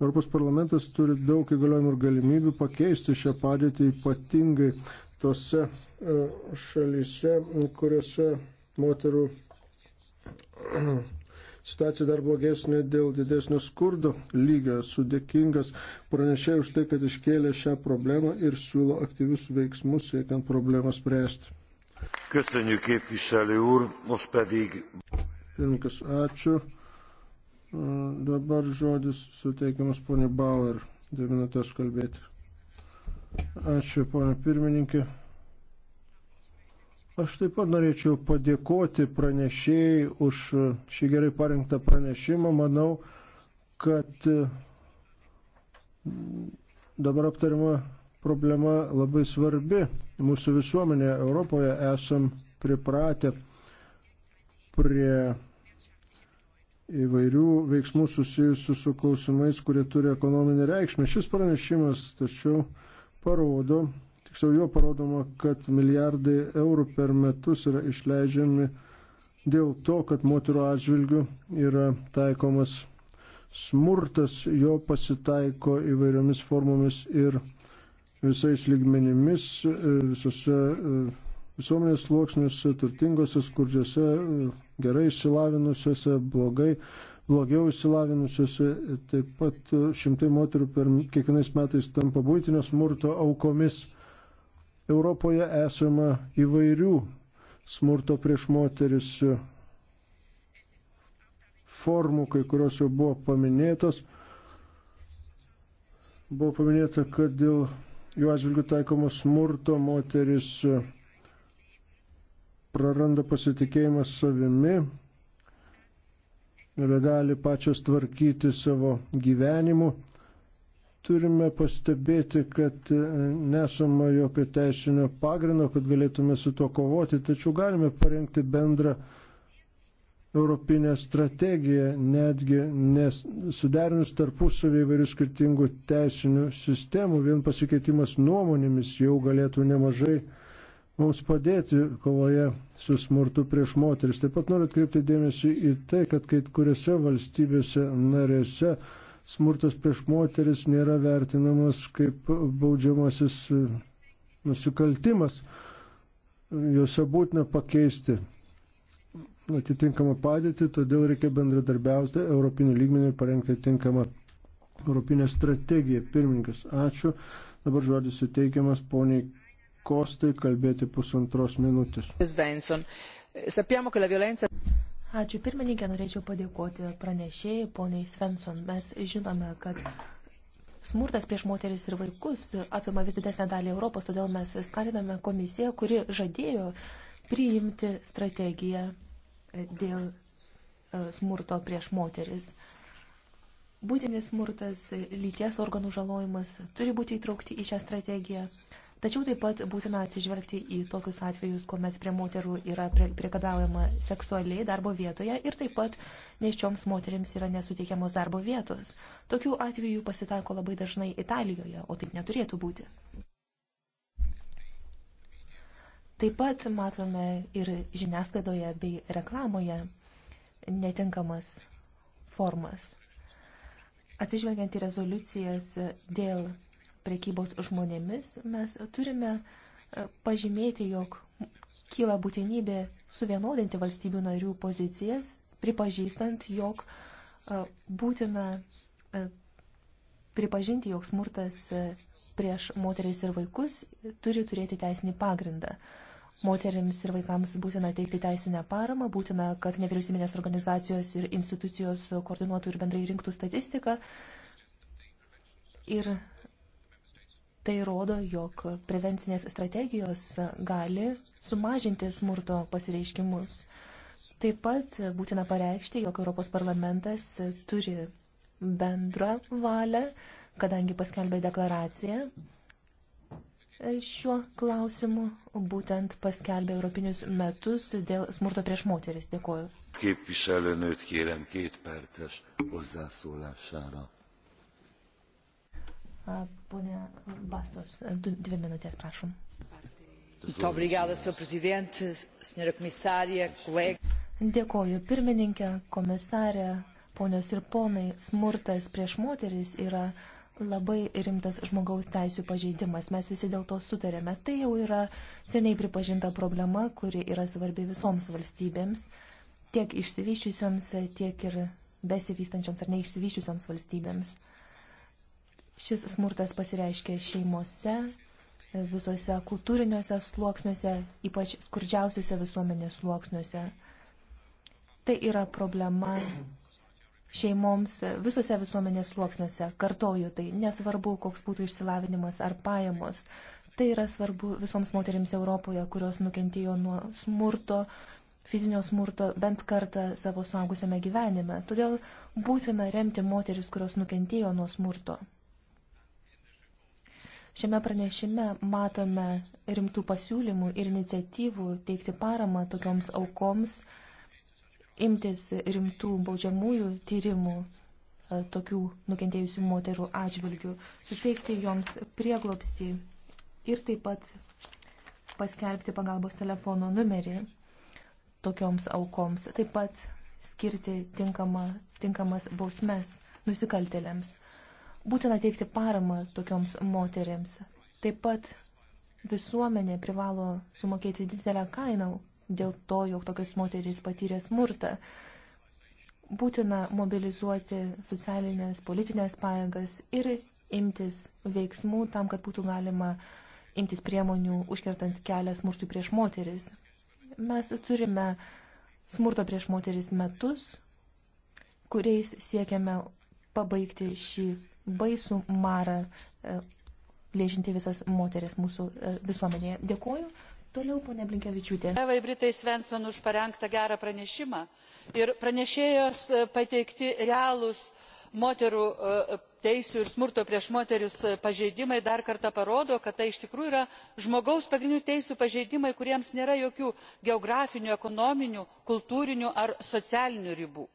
Europos parlamentas turi daug įgaliojimų ir galimybių pakeisti šią padėtį ypatingai tose e, šalyse, kuriuose moterų [clears throat] situacija dar blogesnė dėl didesnio skurdo lygio. Esu dėkingas pranešėjai už tai, kad iškėlė šią problemą ir siūlo aktyvius veiksmus, siekiant problemą spręsti. Köszönjük képviselő úr, most pedig. Pirmininkas, ačiū. E, dabar žodis suteikiamas ponė Bauer, dvi minutės kalbėti. Ačiū, ponė pirmininkė. Aš taip pat norėčiau padėkoti pranešėjai už šį gerai parinktą pranešimą. Manau, kad mm, dabar aptariama problema labai svarbi. Mūsų visuomenėje Europoje esam pripratę prie įvairių veiksmų susijusių su klausimais, kurie turi ekonominį reikšmę. Šis pranešimas, tačiau parodo, tiksliau jo parodoma, kad milijardai eurų per metus yra išleidžiami dėl to, kad moterų atžvilgių yra taikomas smurtas, jo pasitaiko įvairiomis formomis ir visais lygmenimis, visose visuomenės sluoksniuose, turtingose, skurdžiose, gerai išsilavinusiuose, blogai blogiau išsilavinusios, taip pat šimtai moterų per kiekvienais metais tampa būtinio smurto aukomis. Europoje esama įvairių smurto prieš moteris formų, kai kurios jau buvo paminėtos. Buvo paminėta, kad dėl jų atžvilgių taikomo smurto moteris praranda pasitikėjimą savimi, nebegali pačios tvarkyti savo gyvenimu. Turime pastebėti, kad e, nesama jokio teisinio pagrindo, kad galėtume su tuo kovoti, tačiau galime parengti bendrą europinę strategiją, netgi nesuderinus tarpusavį įvairių skirtingų teisinių sistemų, vien pasikeitimas nuomonėmis jau galėtų nemažai mums padėti kovoje su smurtu prieš moteris. Taip pat noriu atkreipti dėmesį į tai, kad kai kuriuose valstybėse narėse smurtas prieš moteris nėra vertinamas kaip baudžiamasis e, nusikaltimas. Juose būtina pakeisti atitinkamą padėtį, todėl reikia bendradarbiauti Europinių lygmenių ir parengti atitinkamą Europinę strategiją. Pirmininkas, ačiū. Dabar žodis suteikiamas poniai Kostai kalbėti pusantros minutės. Ačiū pirmininkė, norėčiau padėkoti pranešėjai, poniai Svensson. Mes žinome, kad smurtas prieš moteris ir vaikus apima vis didesnę dalį Europos, todėl mes skatiname komisiją, kuri žadėjo priimti strategiją dėl e, smurto prieš moteris. Būtinis smurtas, lyties organų žalojimas turi būti įtraukti į šią strategiją. Tačiau taip pat būtina atsižvelgti į tokius atvejus, kuomet prie moterų yra priekabiaujama seksualiai darbo vietoje ir taip pat neščioms moterims yra nesuteikiamos darbo vietos. Tokių atvejų pasitaiko labai dažnai Italijoje, o taip neturėtų būti. Taip pat matome ir žiniasklaidoje bei reklamoje netinkamas formas. Atsižvelgiant į rezoliucijas dėl prekybos žmonėmis, mes turime e, pažymėti, jog kyla būtinybė suvienodinti valstybių narių pozicijas, pripažįstant, jog e, būtina e, pripažinti, jog smurtas prieš moteris ir vaikus turi turėti teisinį pagrindą. Moterims ir vaikams būtina teikti teisinę paramą, būtina, kad nevyriausybinės organizacijos ir institucijos koordinuotų ir bendrai rinktų statistiką. Ir Tai rodo, jog prevencinės strategijos gali sumažinti smurto pasireiškimus. Taip pat būtina pareikšti, jog Europos parlamentas turi bendrą valią, kadangi paskelbė deklaraciją šiuo klausimu, būtent paskelbė Europinius metus dėl smurto prieš moteris. Dėkuoju. Képviselőnőt kérem két perces hozzászólására. Pone Bastos, dvi minutės, prašom. Obrigada, senhor presidente, senhora comissária, colega. Dėkoju pirmininkė, komisarė, ponios ir ponai. Smurtas prieš moteris yra labai rimtas žmogaus teisų pažeidimas. Mes visi dėl to sutarėme. Tai jau yra seniai pripažinta problema, kuri yra svarbi visoms valstybėms, tiek išsivyščiusioms, tiek ir besivystančioms ar neišsivyščiusioms valstybėms. Šis smurtas pasireiškia šeimose, visose kultūriniuose sluoksniuose, ypač skurdžiausiuose visuomenės sluoksniuose. Tai yra problema šeimoms visose visuomenės sluoksniuose. Kartoju tai, nesvarbu, koks būtų išsilavinimas ar pajamos. Tai yra svarbu visoms moterims Europoje, kurios nukentėjo nuo smurto, fizinio smurto bent kartą savo suaugusiame gyvenime. Todėl būtina remti moteris, kurios nukentėjo nuo smurto. Šiame pranešime matome rimtų pasiūlymų ir iniciatyvų teikti paramą tokioms aukoms, imtis rimtų baudžiamųjų tyrimų e, tokių nukentėjusių moterų atžvilgių, suteikti joms prieglopstį ir taip pat paskelbti pagalbos telefono numerį tokioms aukoms, taip pat skirti tinkama, tinkamas bausmes nusikaltėliams. Būtina teikti paramą tokioms moteriams. Taip pat visuomenė privalo sumokėti didelę kainą dėl to, jog tokios moterys patyrė smurtą. Būtina mobilizuoti socialinės, politinės pajėgas ir imtis veiksmų tam, kad būtų galima imtis priemonių užkertant kelią smurtui prieš moteris. Mes turime smurto prieš moteris metus, kuriais siekiame pabaigti šį baisų marą e, plėžinti visas moteris mūsų e, visuomenėje. Dėkuoju. Toliau, ponė Blinkevičiūtė. Evai Britai Svensson už parengtą gerą pranešimą ir pranešėjos e, pateikti realūs moterų teisių ir smurto prieš moteris pažeidimai dar kartą parodo kad tai iš tikrųjų yra žmogaus pagrindinių teisių pažeidimai kuriems nėra jokių geografinių ekonominių kultūrinių ar socialinių ribų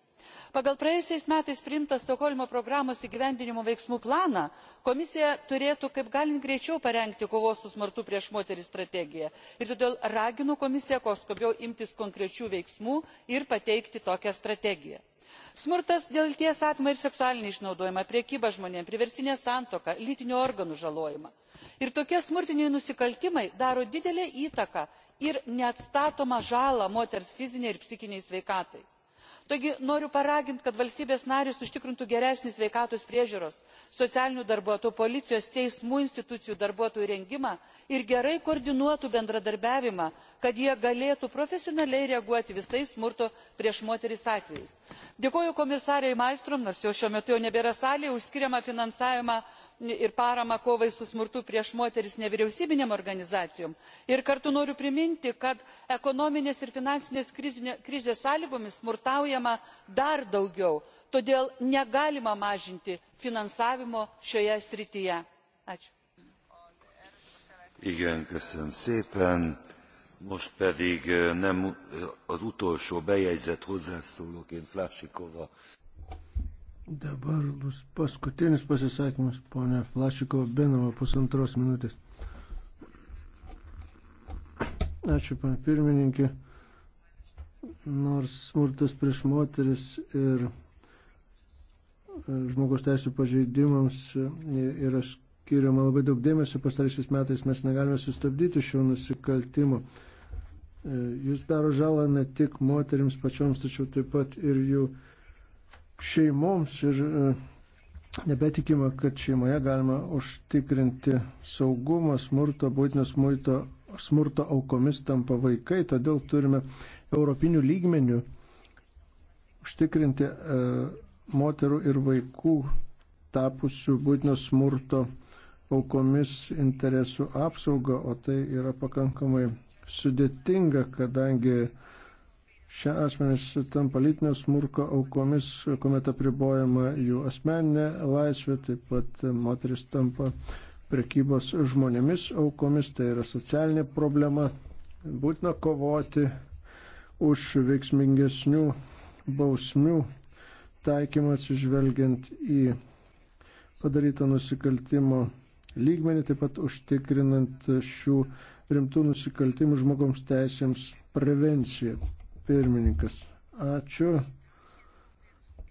pagal praėjusiais metais priimtą stokholmo programos įgyvendinimo veiksmų planą komisija turėtų kaip galint greičiau parengti kovos su smurtu prieš moteris strategiją ir todėl raginu komisiją kuo skubiau imtis konkrečių veiksmų ir pateikti tokią strategiją. smurtas dėl lyties apima ir seksualinį išnaudojimą prekybą žmonėmis priverstinę santuoką lytinių organų žalojimą ir tokie smurtiniai nusikaltimai daro didelę įtaką ir neatstatomą žalą moters fizinei ir psichinei sveikatai taigi noriu paraginti kad valstybės narės užtikrintų geresnį sveikatos priežiūros socialinių darbuotojų policijos teismų institucijų darbuotojų rengimą ir gerai koordinuotų bendradarbiavimą kad jie galėtų profesionaliai reaguoti visais smurto prieš moteris atvejais. dėkoju komisarei malmstrm nors jos šiuo metu jau nebėra salėje už skiriamą finansavimą ir paramą kovai su smurtu prieš moteris nevyriausybinėms organizacijoms ir kartu noriu priminti kad ekonominės ir finansinės krizės sąlygomis smurtaujama dar daugiau todėl negalima mažinti finansavimo šioje srityje. most pedig eh, eh, az utolsó bejegyzett hozzászólóként flakov asszony kapja meg a szót. Dabar bus paskutinis pasisakymas, ponia Flašiko Benova, pusantros minutės. Ačiū, pan pirmininkė. Nors smurtas prieš moteris ir žmogaus teisų pažeidimams yra skiriama labai daug dėmesio, pastarysiais metais mes negalime sustabdyti šių nusikaltimų. Jis daro žalą ne tik moteriams pačioms, tačiau taip pat ir jų šeimoms ir e, nebetikima, kad šeimoje galima užtikrinti saugumą, smurto, būtinio smurto, smurto aukomis tampa vaikai, todėl turime europinių lygmenių užtikrinti e, moterų ir vaikų tapusių būtinio smurto aukomis interesų apsaugą, o tai yra pakankamai sudėtinga, kadangi Šie asmenys tampa lytinio smurko aukomis, kuomet apribojama jų asmeninė laisvė, taip pat moteris tampa prekybos žmonėmis aukomis, tai yra socialinė problema. Būtina kovoti už veiksmingesnių bausmių taikymą atsižvelgiant į padarytą nusikaltimo lygmenį, taip pat užtikrinant šių rimtų nusikaltimų žmogoms teisėms prevenciją. Pirmininkas, ačiū.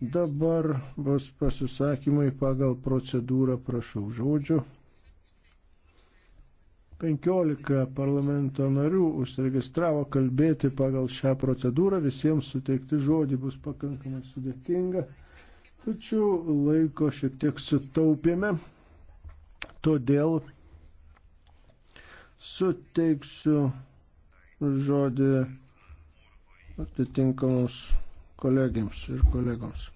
Dabar bus pasisakymai pagal procedūrą, prašau žodžių. 15 parlamento narių užsiregistravo kalbėti pagal šią procedūrą, visiems suteikti žodį bus pakankamai sudėtinga, tačiau laiko šiek tiek sutaupėme, todėl suteiksiu žodį atitinkamoms kolegiams ir kolegoms.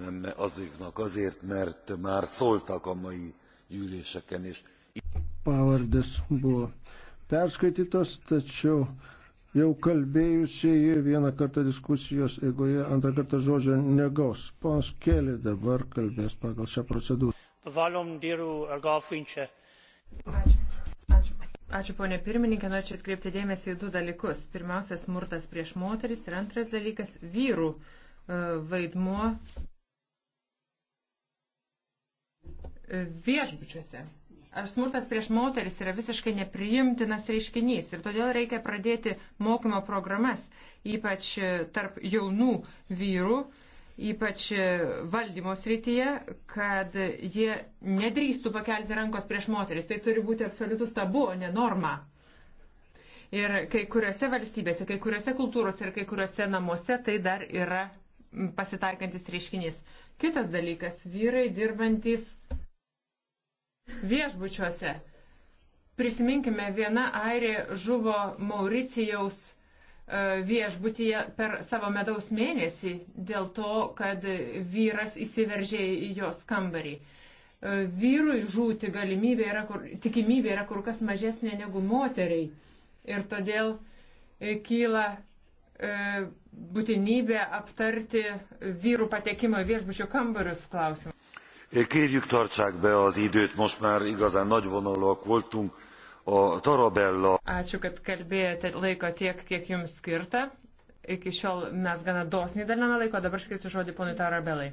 Nem azoknak azért, mert már szóltak a mai gyűléseken is. Pavardės buvo perskaitytos, tačiau jau kalbėjusieji vieną kartą diskusijos eigoje, antrą kartą žodžio negaus. Ponas Kelė dabar kalbės pagal šią procedūrą. Ačiū. Ačiū, ponė pirmininkė, norėčiau atkreipti dėmesį į du dalykus. Pirmiausia, smurtas prieš moteris ir antras dalykas - vyrų e, vaidmuo e, viešbučiuose. Ar smurtas prieš moteris yra visiškai nepriimtinas reiškinys ir todėl reikia pradėti mokymo programas, ypač e, tarp jaunų vyrų, ypač valdymo srityje, kad jie nedrįstų pakelti rankos prieš moteris. Tai turi būti absoliutus tabu, o ne norma. Ir kai kuriuose valstybėse, kai kuriuose kultūrose ir kai kuriuose namuose tai dar yra pasitaikantis reiškinys. Kitas dalykas - vyrai dirbantis viešbučiuose. Prisiminkime, viena airė žuvo Mauricijaus E, viešbutyje per savo medaus mėnesį dėl to, kad vyras įsiveržė į jos kambarį. E, vyrui žūti galimybė yra, kur, tikimybė yra kur kas mažesnė negu moteriai. Ir todėl e, kyla e, būtinybė aptarti vyrų patekimo į viešbučių kambarius klausimą. Kérjük, tartsák be az időt, most már igazán nagyvonalúak voltunk. Torobello. Ačiū, kad kalbėjote laiko tiek, kiek jums skirta. Iki šiol mes gana dosniai daliname laiko, dabar skirsiu žodį ponui Tarabelai.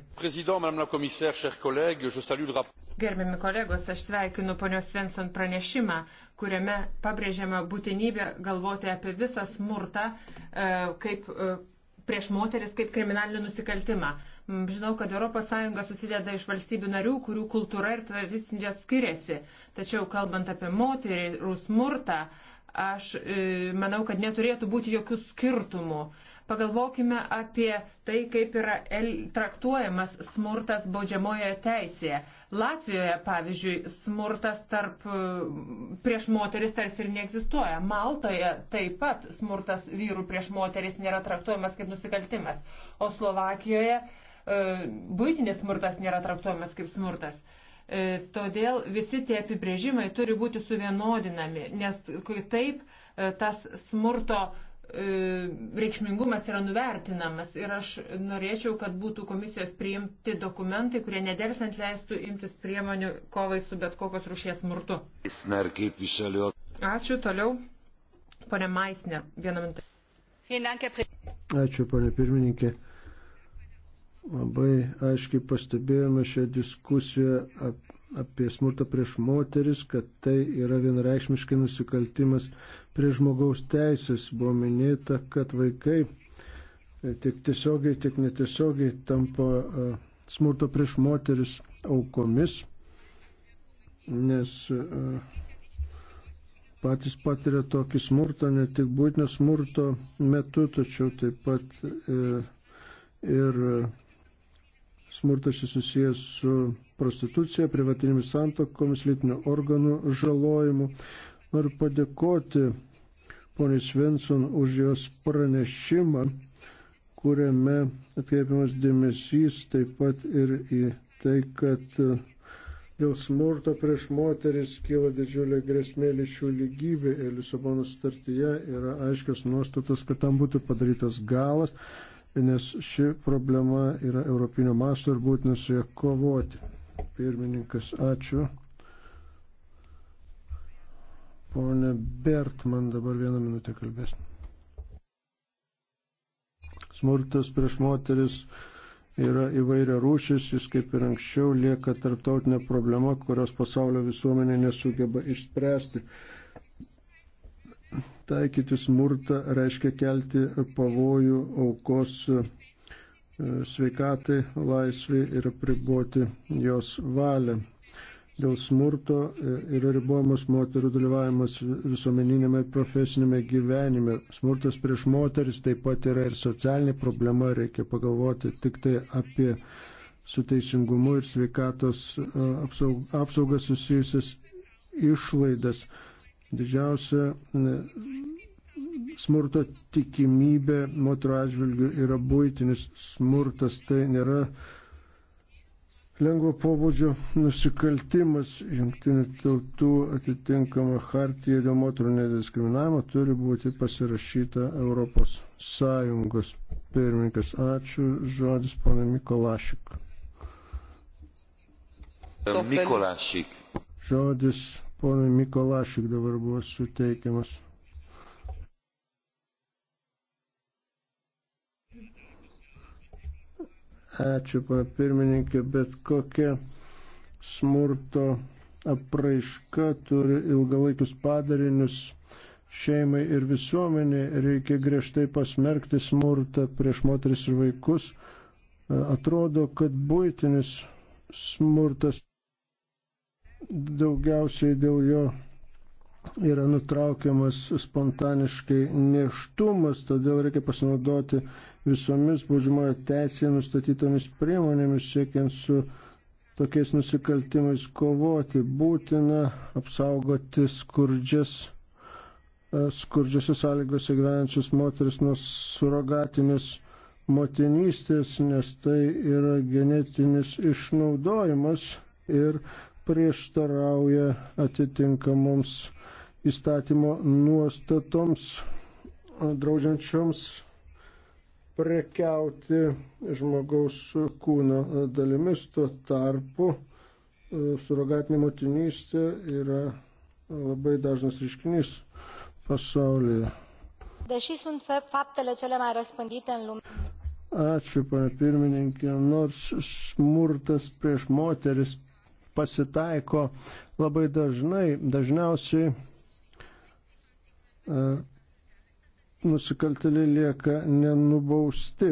Gerbiami kolegos, aš sveikinu ponios Svensson pranešimą, kuriame pabrėžiama būtinybė galvoti apie visą smurtą, e, kaip e, prieš moteris kaip kriminalinį nusikaltimą. Žinau, kad ES susideda iš valstybių narių, kurių kultūra ir tradicija skiriasi. Tačiau kalbant apie moterį, rusmurtą, aš e, manau, kad neturėtų būti jokių skirtumų. Pagalvokime apie tai, kaip yra traktuojamas smurtas baudžiamojoje teisėje. Latvijoje, pavyzdžiui, smurtas tarp, e, prieš moteris tarsi ir neegzistuoja. Maltoje taip pat smurtas vyrų prieš moteris nėra traktuojamas kaip nusikaltimas. O Slovakijoje e, būtinis smurtas nėra traktuojamas kaip smurtas. E, todėl visi tie apibrėžimai turi būti suvienodinami, nes taip tas smurto E, reikšmingumas yra nuvertinamas ir aš norėčiau, kad būtų komisijos priimti dokumentai, kurie nedersant leistų imtis priemonių kovai su bet kokios rušies smurtu. Ačiū toliau. Pone Maisne, vieną minutę. Ačiū, pone pirmininkė. Labai aiškiai pastebėjome šią diskusiją apie apie smurtą prieš moteris, kad tai yra vienareikšmiškai nusikaltimas prie žmogaus teisės. Buvo minėta, kad vaikai tiek tiesiogiai, tiek netiesiogiai tampa e, smurto prieš moteris aukomis, nes e, patys patiria tokį smurtą ne tik būtinio smurto metu, tačiau taip pat e, ir Smurtas šis susijęs su prostitucija, privatinėmis santokomis, lytinių organų žalojimu. Noriu padėkoti poniai Svensson už jos pranešimą, kuriame atkreipiamas dėmesys taip pat ir į tai, kad dėl smurto prieš moteris kyla didžiulė grėsmė lyčių lygybė ir Lisabono startyje yra aiškios nuostatos, kad tam būtų padarytas galas nes ši problema yra europinio masto ir būtina su ją kovoti. Pirmininkas, ačiū. Pone Bertman dabar vieną minutę kalbės. Smurtas prieš moteris yra įvairia rūšis, jis kaip ir anksčiau lieka tarptautinė problema, kurios pasaulio visuomenė nesugeba išspręsti taikyti smurtą reiškia kelti pavojų aukos e, sveikatai, laisvį ir priboti jos valią. Dėl smurto e, yra ribojamas moterų dalyvavimas visuomeninėme ir profesinėme gyvenime. Smurtas prieš moteris taip pat yra ir socialinė problema, reikia pagalvoti tik tai apie su teisingumu ir sveikatos e, apsaugą susijusias išlaidas. Didžiausia e, smurto tikimybė moterų atžvilgių yra būtinis smurtas, tai nėra lengvo pobūdžio nusikaltimas. Jungtinių tautų atitinkama hartija dėl moterų nediskriminavimo turi būti pasirašyta Europos Sąjungos. Pirmininkas, ačiū. Žodis pana Mikolašik. Mikolašik. Žodis Ponai Mikolašik dabar buvo suteikiamas. Ačiū, pana pirmininkė, bet kokia smurto apraiška turi ilgalaikius padarinius šeimai ir visuomeniai. Reikia griežtai pasmerkti smurtą prieš moteris ir vaikus. Atrodo, kad būtinis smurtas daugiausiai dėl jo yra nutraukiamas spontaniškai neštumas, todėl reikia pasinaudoti visomis baudžiamojo teisėje nustatytomis priemonėmis, siekiant su tokiais nusikaltimais kovoti. Būtina apsaugoti skurdžias, e, skurdžiose sąlygose gyvenančias moteris nuo surogatinės motinystės, nes tai yra genetinis išnaudojimas ir prieštarauja atitinkamoms įstatymo nuostatoms draudžiančioms prekiauti žmogaus kūno dalimis. Tuo tarpu e, surogatinė motinystė yra labai dažnas reiškinys pasaulyje. Deși sunt faptele cele mai răspândite în lume. Ačiū, pane pirmininkė, nors smurtas prieš moteris pasitaiko labai dažnai, dažniausiai e, nusikaltėliai lieka nenubausti.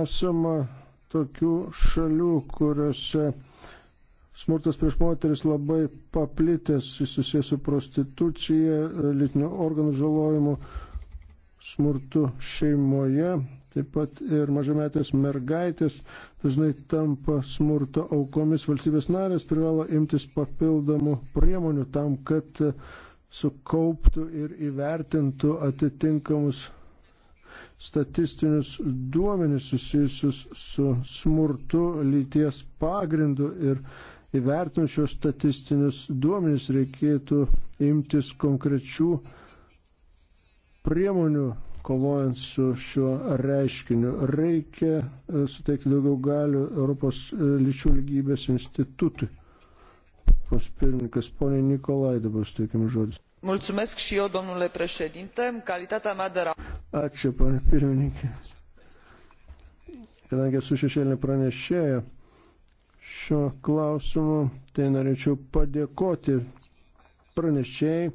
Esama tokių šalių, kuriuose smurtas prieš moteris labai paplitęs, jis susijęs su prostitucija, lytinių organų žalojimu, smurtu šeimoje. Taip pat ir mažametės mergaitės dažnai tampa smurto aukomis. Valstybės narės privalo imtis papildomų priemonių tam, kad sukauptų ir įvertintų atitinkamus statistinius duomenis susijusius su smurtu lyties pagrindu ir įvertinus šios statistinius duomenis reikėtų imtis konkrečių priemonių kovojant su šiuo reiškiniu. Reikia e, suteikti daugiau galių Europos e, lyčių lygybės institutui. Pos pirmininkas, ponė Nikolai, dabar suteikime žodis. Mulțumesc și eu, domnule președinte, în calitatea mea de Ačiū, ponė pirmininkė. Kadangi esu šešėlinė pranešėja šio klausimu, tai norėčiau padėkoti pranešėjai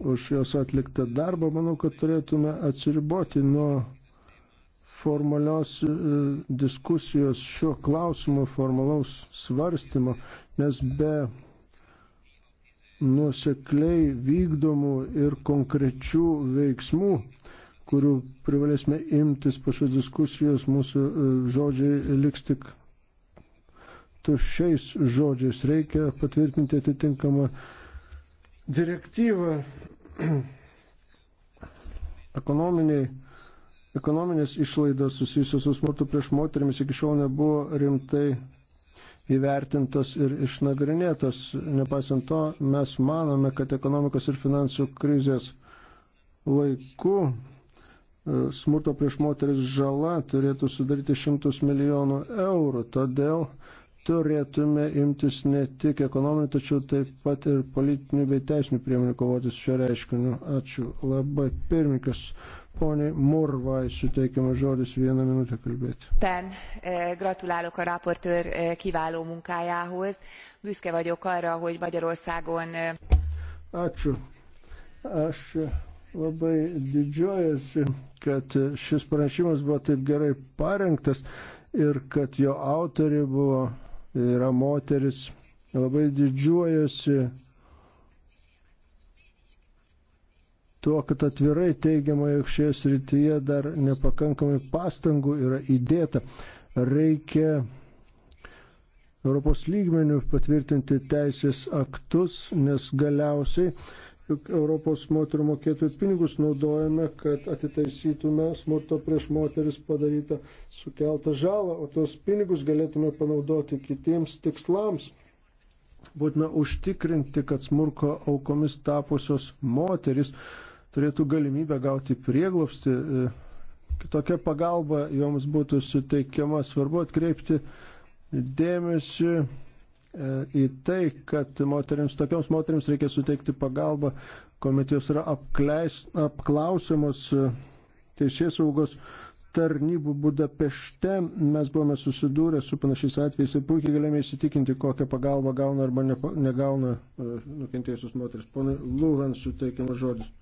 už jos atliktą darbą. Manau, kad turėtume atsiriboti nuo formalios e, diskusijos šiuo klausimu, formalaus svarstymo, nes be nusekliai vykdomų ir konkrečių veiksmų, kurių privalėsime imtis po šios diskusijos, mūsų e, žodžiai liks tik tuščiais žodžiais. Reikia patvirtinti atitinkamą Direktyva ekonominiai ekonominės išlaidos susijusios su smurtu prieš moterimis iki šiol nebuvo rimtai įvertintos ir išnagrinėtos. Nepaisant to, mes manome, kad ekonomikos ir finansų krizės laiku e, smurto prieš moteris žala turėtų sudaryti šimtus milijonų eurų. Todėl turėtume imtis ne tik ekonominių, tačiau taip pat ir politinių bei teisinių priemonių kovoti su šio reiškiniu. Ačiū labai. Pirmininkas, ponė Morvai, suteikiamas žodis vieną minutę kalbėti. Ten, eh, gratulálok a raportőr eh, kiváló munkájához. Büszke vagyok arra, hogy Magyarországon. Eh, Ačiū. Aš labai didžiuojasi, kad šis pranešimas buvo taip gerai parengtas ir kad jo autoriai buvo yra moteris. Labai didžiuojasi tuo, kad atvirai teigiama, jog šioje srityje dar nepakankamai pastangų yra įdėta. Reikia Europos lygmenių patvirtinti teisės aktus, nes galiausiai juk Europos moterų mokėtojų pinigus naudojame, kad atitaisytume smurto prieš moteris padarytą sukeltą žalą, o tos pinigus galėtume panaudoti kitiems tikslams. Būtina užtikrinti, kad smurko aukomis tapusios moteris turėtų galimybę gauti prieglopsti, kitokia pagalba joms būtų suteikiama. Svarbu atkreipti dėmesį E, į tai, kad moteriams, tokiams moteriams reikia suteikti pagalbą, kuomet jos yra apkleis, apklausiamos e, teisės saugos tarnybų Budapešte. Mes buvome susidūrę su panašiais atvejais ir puikiai galėjome įsitikinti, kokią pagalbą gauna arba negauna e, nukentėjusios moteris. Pone Lūhan suteikiamas žodis.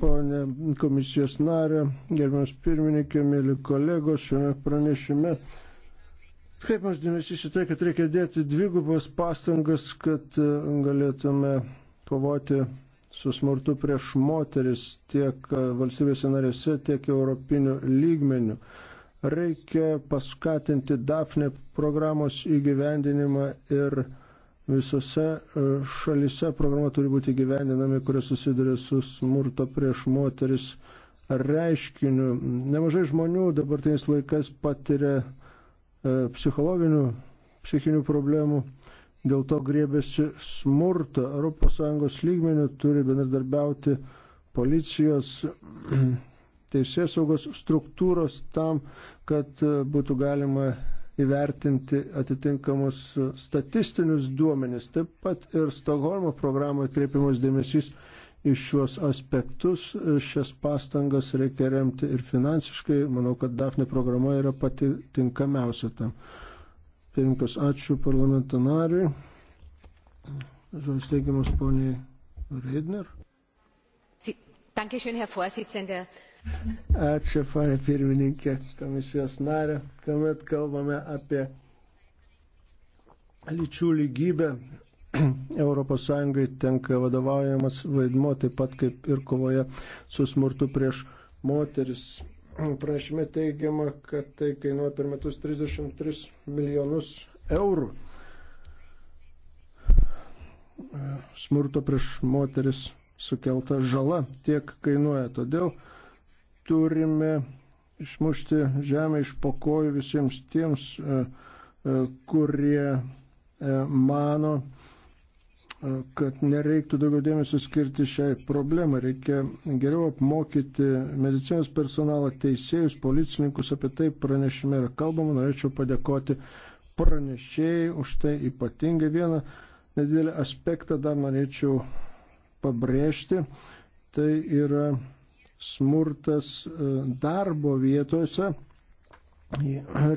Pone komisijos narė, gerbiamas pirmininkė, mėly kolegos, šiame pranešime Kreipiamas dėmesys į tai, kad reikia dėti dvigubas pastangas, kad e, galėtume kovoti su smurtu prieš moteris tiek e, valstybėse narėse, tiek europinių lygmenių. Reikia paskatinti DAFNE programos įgyvendinimą ir visose e, šalise programa turi būti įgyvendinami, kurie susiduria su smurto prieš moteris reiškiniu. Nemažai žmonių dabartiniais laikais patiria E, psichologinių, psichinių problemų, dėl to grėbėsi smurtą. ES lygmenių turi bendradarbiauti policijos [clears throat] teisės saugos struktūros tam, kad e, būtų galima įvertinti atitinkamus statistinius duomenis. Taip pat ir Stokholmo programoje kreipiamas dėmesys iš šios aspektus. E, šias pastangas reikia remti ir finansiškai. Manau, kad DAFNE programa yra pati tinkamiausia tam. Pirmkas, ačiū parlamento nariui. Žodis teigiamas poniai Redner. Dankeschön, Herr Vorsitzender. Ačiū, panė pirmininkė, komisijos narė, kuomet kalbame apie lyčių lygybę ES [clears throat] tenka vadovaujamas vaidmo, taip pat kaip ir kovoje su smurtu prieš moteris. [clears throat] Prašymė teigiama, kad tai kainuoja per metus 33 milijonus eurų. [clears throat] Smurto prieš moteris sukelta žala tiek kainuoja. Todėl turime išmušti žemę iš pokojų visiems tiems, kurie e, mano, kad nereiktų daugiau dėmesio skirti šiai problemai. Reikia geriau apmokyti medicinos personalą, teisėjus, policininkus. Apie tai pranešime yra kalbama. Norėčiau padėkoti pranešėjai už tai ypatingai vieną nedidelį aspektą dar norėčiau pabrėžti. Tai yra smurtas e, darbo vietose.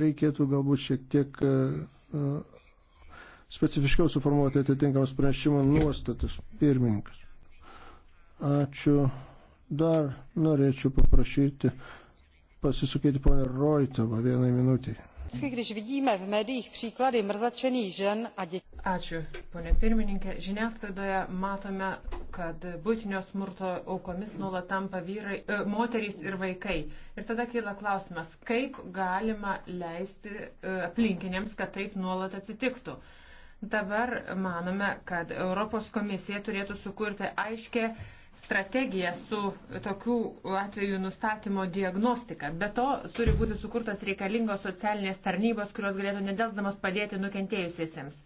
Reikėtų galbūt šiek tiek e, specifiškiau suformuoti atitinkamas pranešimo nuostatas. Pirmininkas. Ačiū. Dar norėčiau paprašyti pasisukyti ponę Roitovą vienai minutiai. Ačiū, ponė pirmininkė. Žiniasklaidoje matome, kad būtinio smurto aukomis nuolat tampa vyrai, e, moterys ir vaikai. Ir tada kyla klausimas, kaip galima leisti e, aplinkiniams, kad taip nuolat atsitiktų. E, Dabar manome, kad Europos komisija turėtų sukurti aiškę strategiją su tokių atvejų nustatymo diagnostika. Be to, turi būti sukurtas reikalingos socialinės tarnybos, kurios galėtų nedelsdamos padėti nukentėjusiesiems.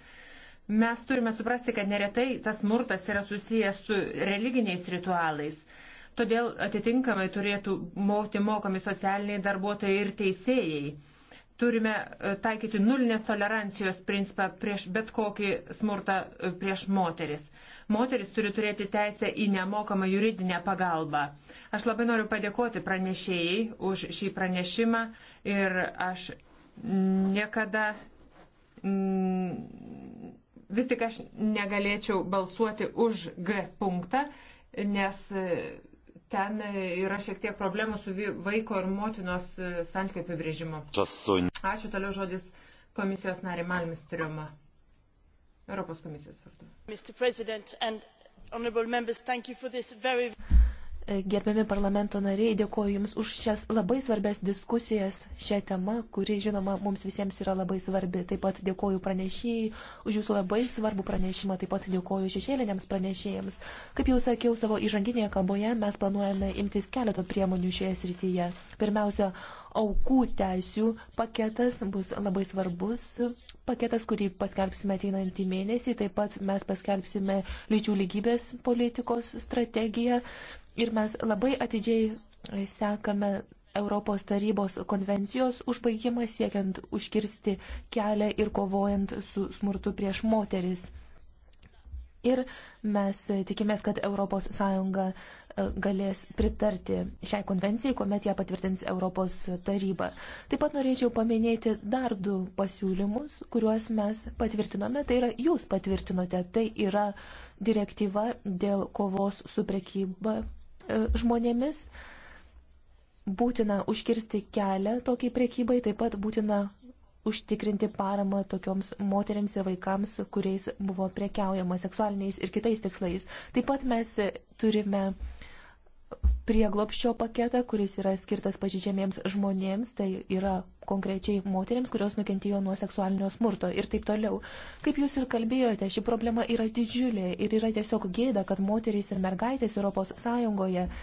Mes turime suprasti, kad neretai tas smurtas yra susijęs su religiniais ritualais. Todėl atitinkamai turėtų mokti mokomi socialiniai darbuotojai ir teisėjai turime e, taikyti nulinės tolerancijos principą prieš bet kokį smurtą e, prieš moteris. Moteris turi turėti teisę į nemokamą juridinę pagalbą. Aš labai noriu padėkoti pranešėjai už šį pranešimą ir aš niekada. Mm, vis tik aš negalėčiau balsuoti už G punktą, nes e, ten e, yra šiek tiek problemų su vaiko ir motinos e, santykių apibrėžimu. Ačiū toliau žodis komisijos narį Malmistriumą. Europos komisijos vardu. Very... Gerbiami parlamento nariai, dėkoju Jums už šias labai svarbės diskusijas šią temą, kuri, žinoma, mums visiems yra labai svarbi. Taip pat dėkoju pranešėjai už Jūsų labai svarbų pranešimą, taip pat dėkoju šešėliniams pranešėjams. Kaip jau sakiau savo įžanginėje kalboje, mes planuojame imtis keleto priemonių šioje srityje. Pirmiausia, aukų teisių paketas bus labai svarbus paketas, kurį paskelbsime ateinantį mėnesį. Taip pat mes paskelbsime lyčių lygybės politikos strategiją. Ir mes labai atidžiai e, sekame Europos tarybos konvencijos užbaigimą siekiant užkirsti kelią ir kovojant su smurtu prieš moteris. Ir mes e, tikimės, kad ES e, galės pritarti šiai konvencijai, kuomet ją patvirtins Europos taryba. Taip pat norėčiau paminėti dar du pasiūlymus, kuriuos mes patvirtinome. Tai yra, jūs patvirtinote, tai yra direktyva dėl kovos su prekyba žmonėmis. Būtina užkirsti kelią tokiai priekybai, taip pat būtina užtikrinti paramą tokioms moteriams ir vaikams, kuriais buvo prekiaujama seksualiniais ir kitais tikslais. Taip pat mes turime prieglopščio paketą, kuris yra skirtas pažydžiamiems žmonėms, tai yra konkrečiai moteriams, kurios nukentėjo nuo seksualinio smurto ir taip toliau. Kaip jūs ir kalbėjote, ši problema yra didžiulė ir yra tiesiog gėda, kad moterys ir mergaitės ES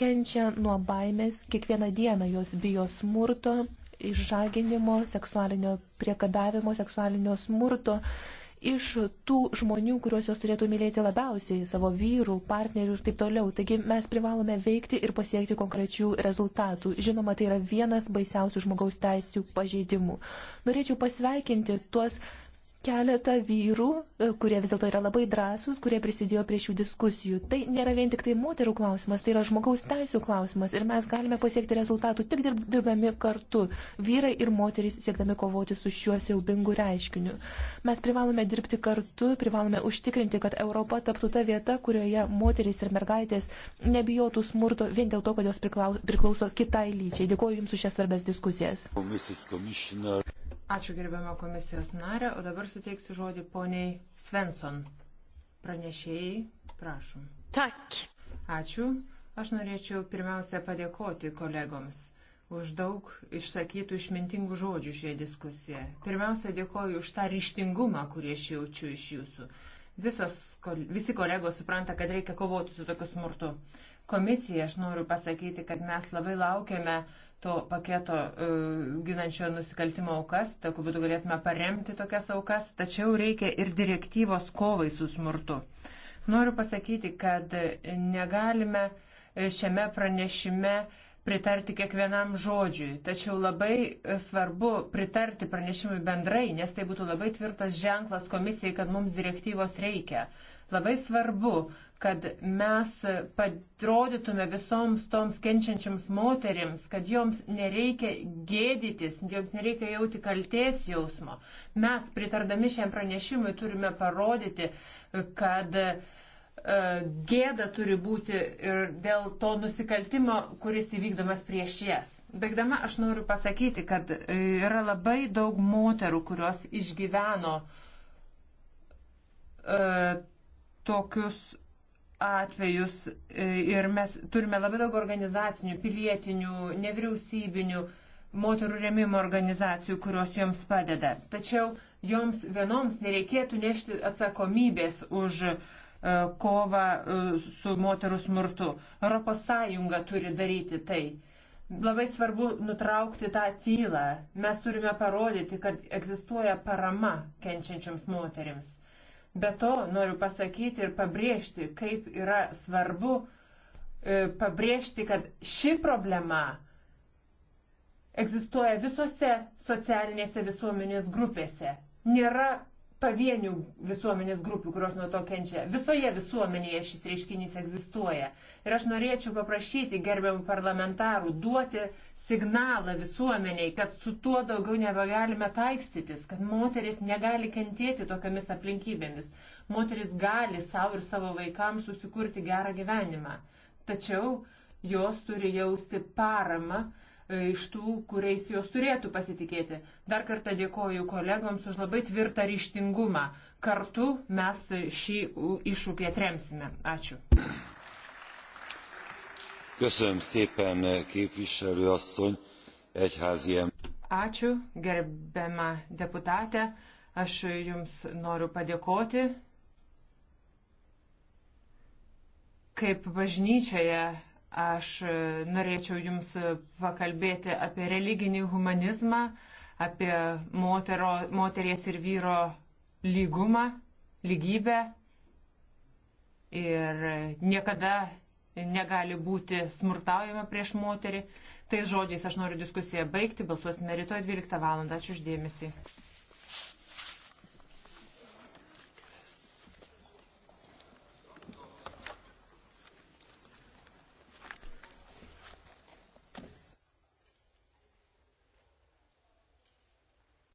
kenčia nuo baimės, kiekvieną dieną jos bijo smurto, išžaginimo, seksualinio priekabavimo, seksualinio smurto. Uh, iš tų žmonių, kuriuos jos turėtų mylėti labiausiai, savo vyrų, partnerių ir taip toliau. Taigi mes privalome veikti ir pasiekti konkrečių rezultatų. Žinoma, tai yra vienas baisiausių žmogaus teisų pažeidimų. Norėčiau pasveikinti tuos keletą vyrų, e, kurie vis dėlto yra labai drąsūs, kurie prisidėjo prie šių diskusijų. Tai nėra vien tik tai moterų klausimas, tai yra žmogaus teisų klausimas ir mes galime pasiekti rezultatų tik dirbdami kartu, vyrai ir moterys siekdami kovoti su šiuo siaubingu reiškiniu. Mes privalome dirbti kartu, privalome užtikrinti, kad Europa taptų ta vieta, kurioje moterys ir mergaitės nebijotų smurto vien dėl to, kad jos priklauso kitai lyčiai. Dėkuoju Jums už šias svarbės diskusijas. Ačiū gerbiamą komisijos narę, o dabar suteiksiu žodį poniai Svensson. Pranešėjai, prašom. Tak. Ačiū. Aš norėčiau pirmiausia padėkoti kolegoms už daug išsakytų išmintingų žodžių šioje diskusijoje. Pirmiausia, dėkoju už tą ryštingumą, kurį aš jaučiu iš jūsų. Visos, visi kolegos supranta, kad reikia kovoti su tokiu smurtu. Komisija, aš noriu pasakyti, kad mes labai laukiame to paketo e, ginančio nusikaltimo aukas, tokiu būdu galėtume paremti tokias aukas, tačiau reikia ir direktyvos kovai su smurtu. Noriu pasakyti, kad negalime e, šiame pranešime pritarti kiekvienam žodžiui, tačiau labai svarbu pritarti pranešimui bendrai, nes tai būtų labai tvirtas ženklas komisijai, kad mums direktyvos reikia. Labai svarbu, kad mes padrodytume visoms toms kenčiančiams moterims, kad joms nereikia gėdytis, joms nereikia jauti kalties jausmo. Mes pritardami šiam pranešimui turime parodyti, kad e, gėda turi būti ir dėl to nusikaltimo, kuris įvykdomas prieš jas. Baigdama aš noriu pasakyti, kad e, yra labai daug moterų, kurios išgyveno e, tokius atvejus e, ir mes turime labai daug organizacinių, pilietinių, nevyriausybinių, moterų remimo organizacijų, kurios joms padeda. Tačiau joms vienoms nereikėtų nešti atsakomybės už e, kovą e, su moterų smurtu. ES turi daryti tai. Labai svarbu nutraukti tą tylą. Mes turime parodyti, kad egzistuoja parama kenčiančiams moteriams. Be to noriu pasakyti ir pabrėžti, kaip yra svarbu e, pabrėžti, kad ši problema egzistuoja visose socialinėse visuomenės grupėse. Nėra pavienių visuomenės grupių, kurios nuo to kenčia. Visoje visuomenėje šis reiškinys egzistuoja. Ir aš norėčiau paprašyti gerbiamų parlamentarų duoti signalą visuomeniai, kad su tuo daugiau nebegalime taikstytis, kad moteris negali kentėti tokiamis aplinkybėmis. Moteris gali savo ir savo vaikams susikurti gerą gyvenimą. Tačiau jos turi jausti paramą e, iš tų, kuriais jos turėtų pasitikėti. Dar kartą dėkoju kolegoms už labai tvirtą ryštingumą. Kartu mes šį iššūkį atremsime. Ačiū. Köszönöm szépen, képviselő asszony, egyházi ember. Ačiū, gerbiama deputatė. Aš Jums noriu padėkoti. Kaip bažnyčioje aš norėčiau Jums pakalbėti apie religinį humanizmą, apie motero, moteries ir vyro lygumą, lygybę. Ir niekada negali būti smurtaujama prieš moterį. Tais žodžiais aš noriu diskusiją baigti, balsuosime rytoj 12 val. Ačiū uždėmesi.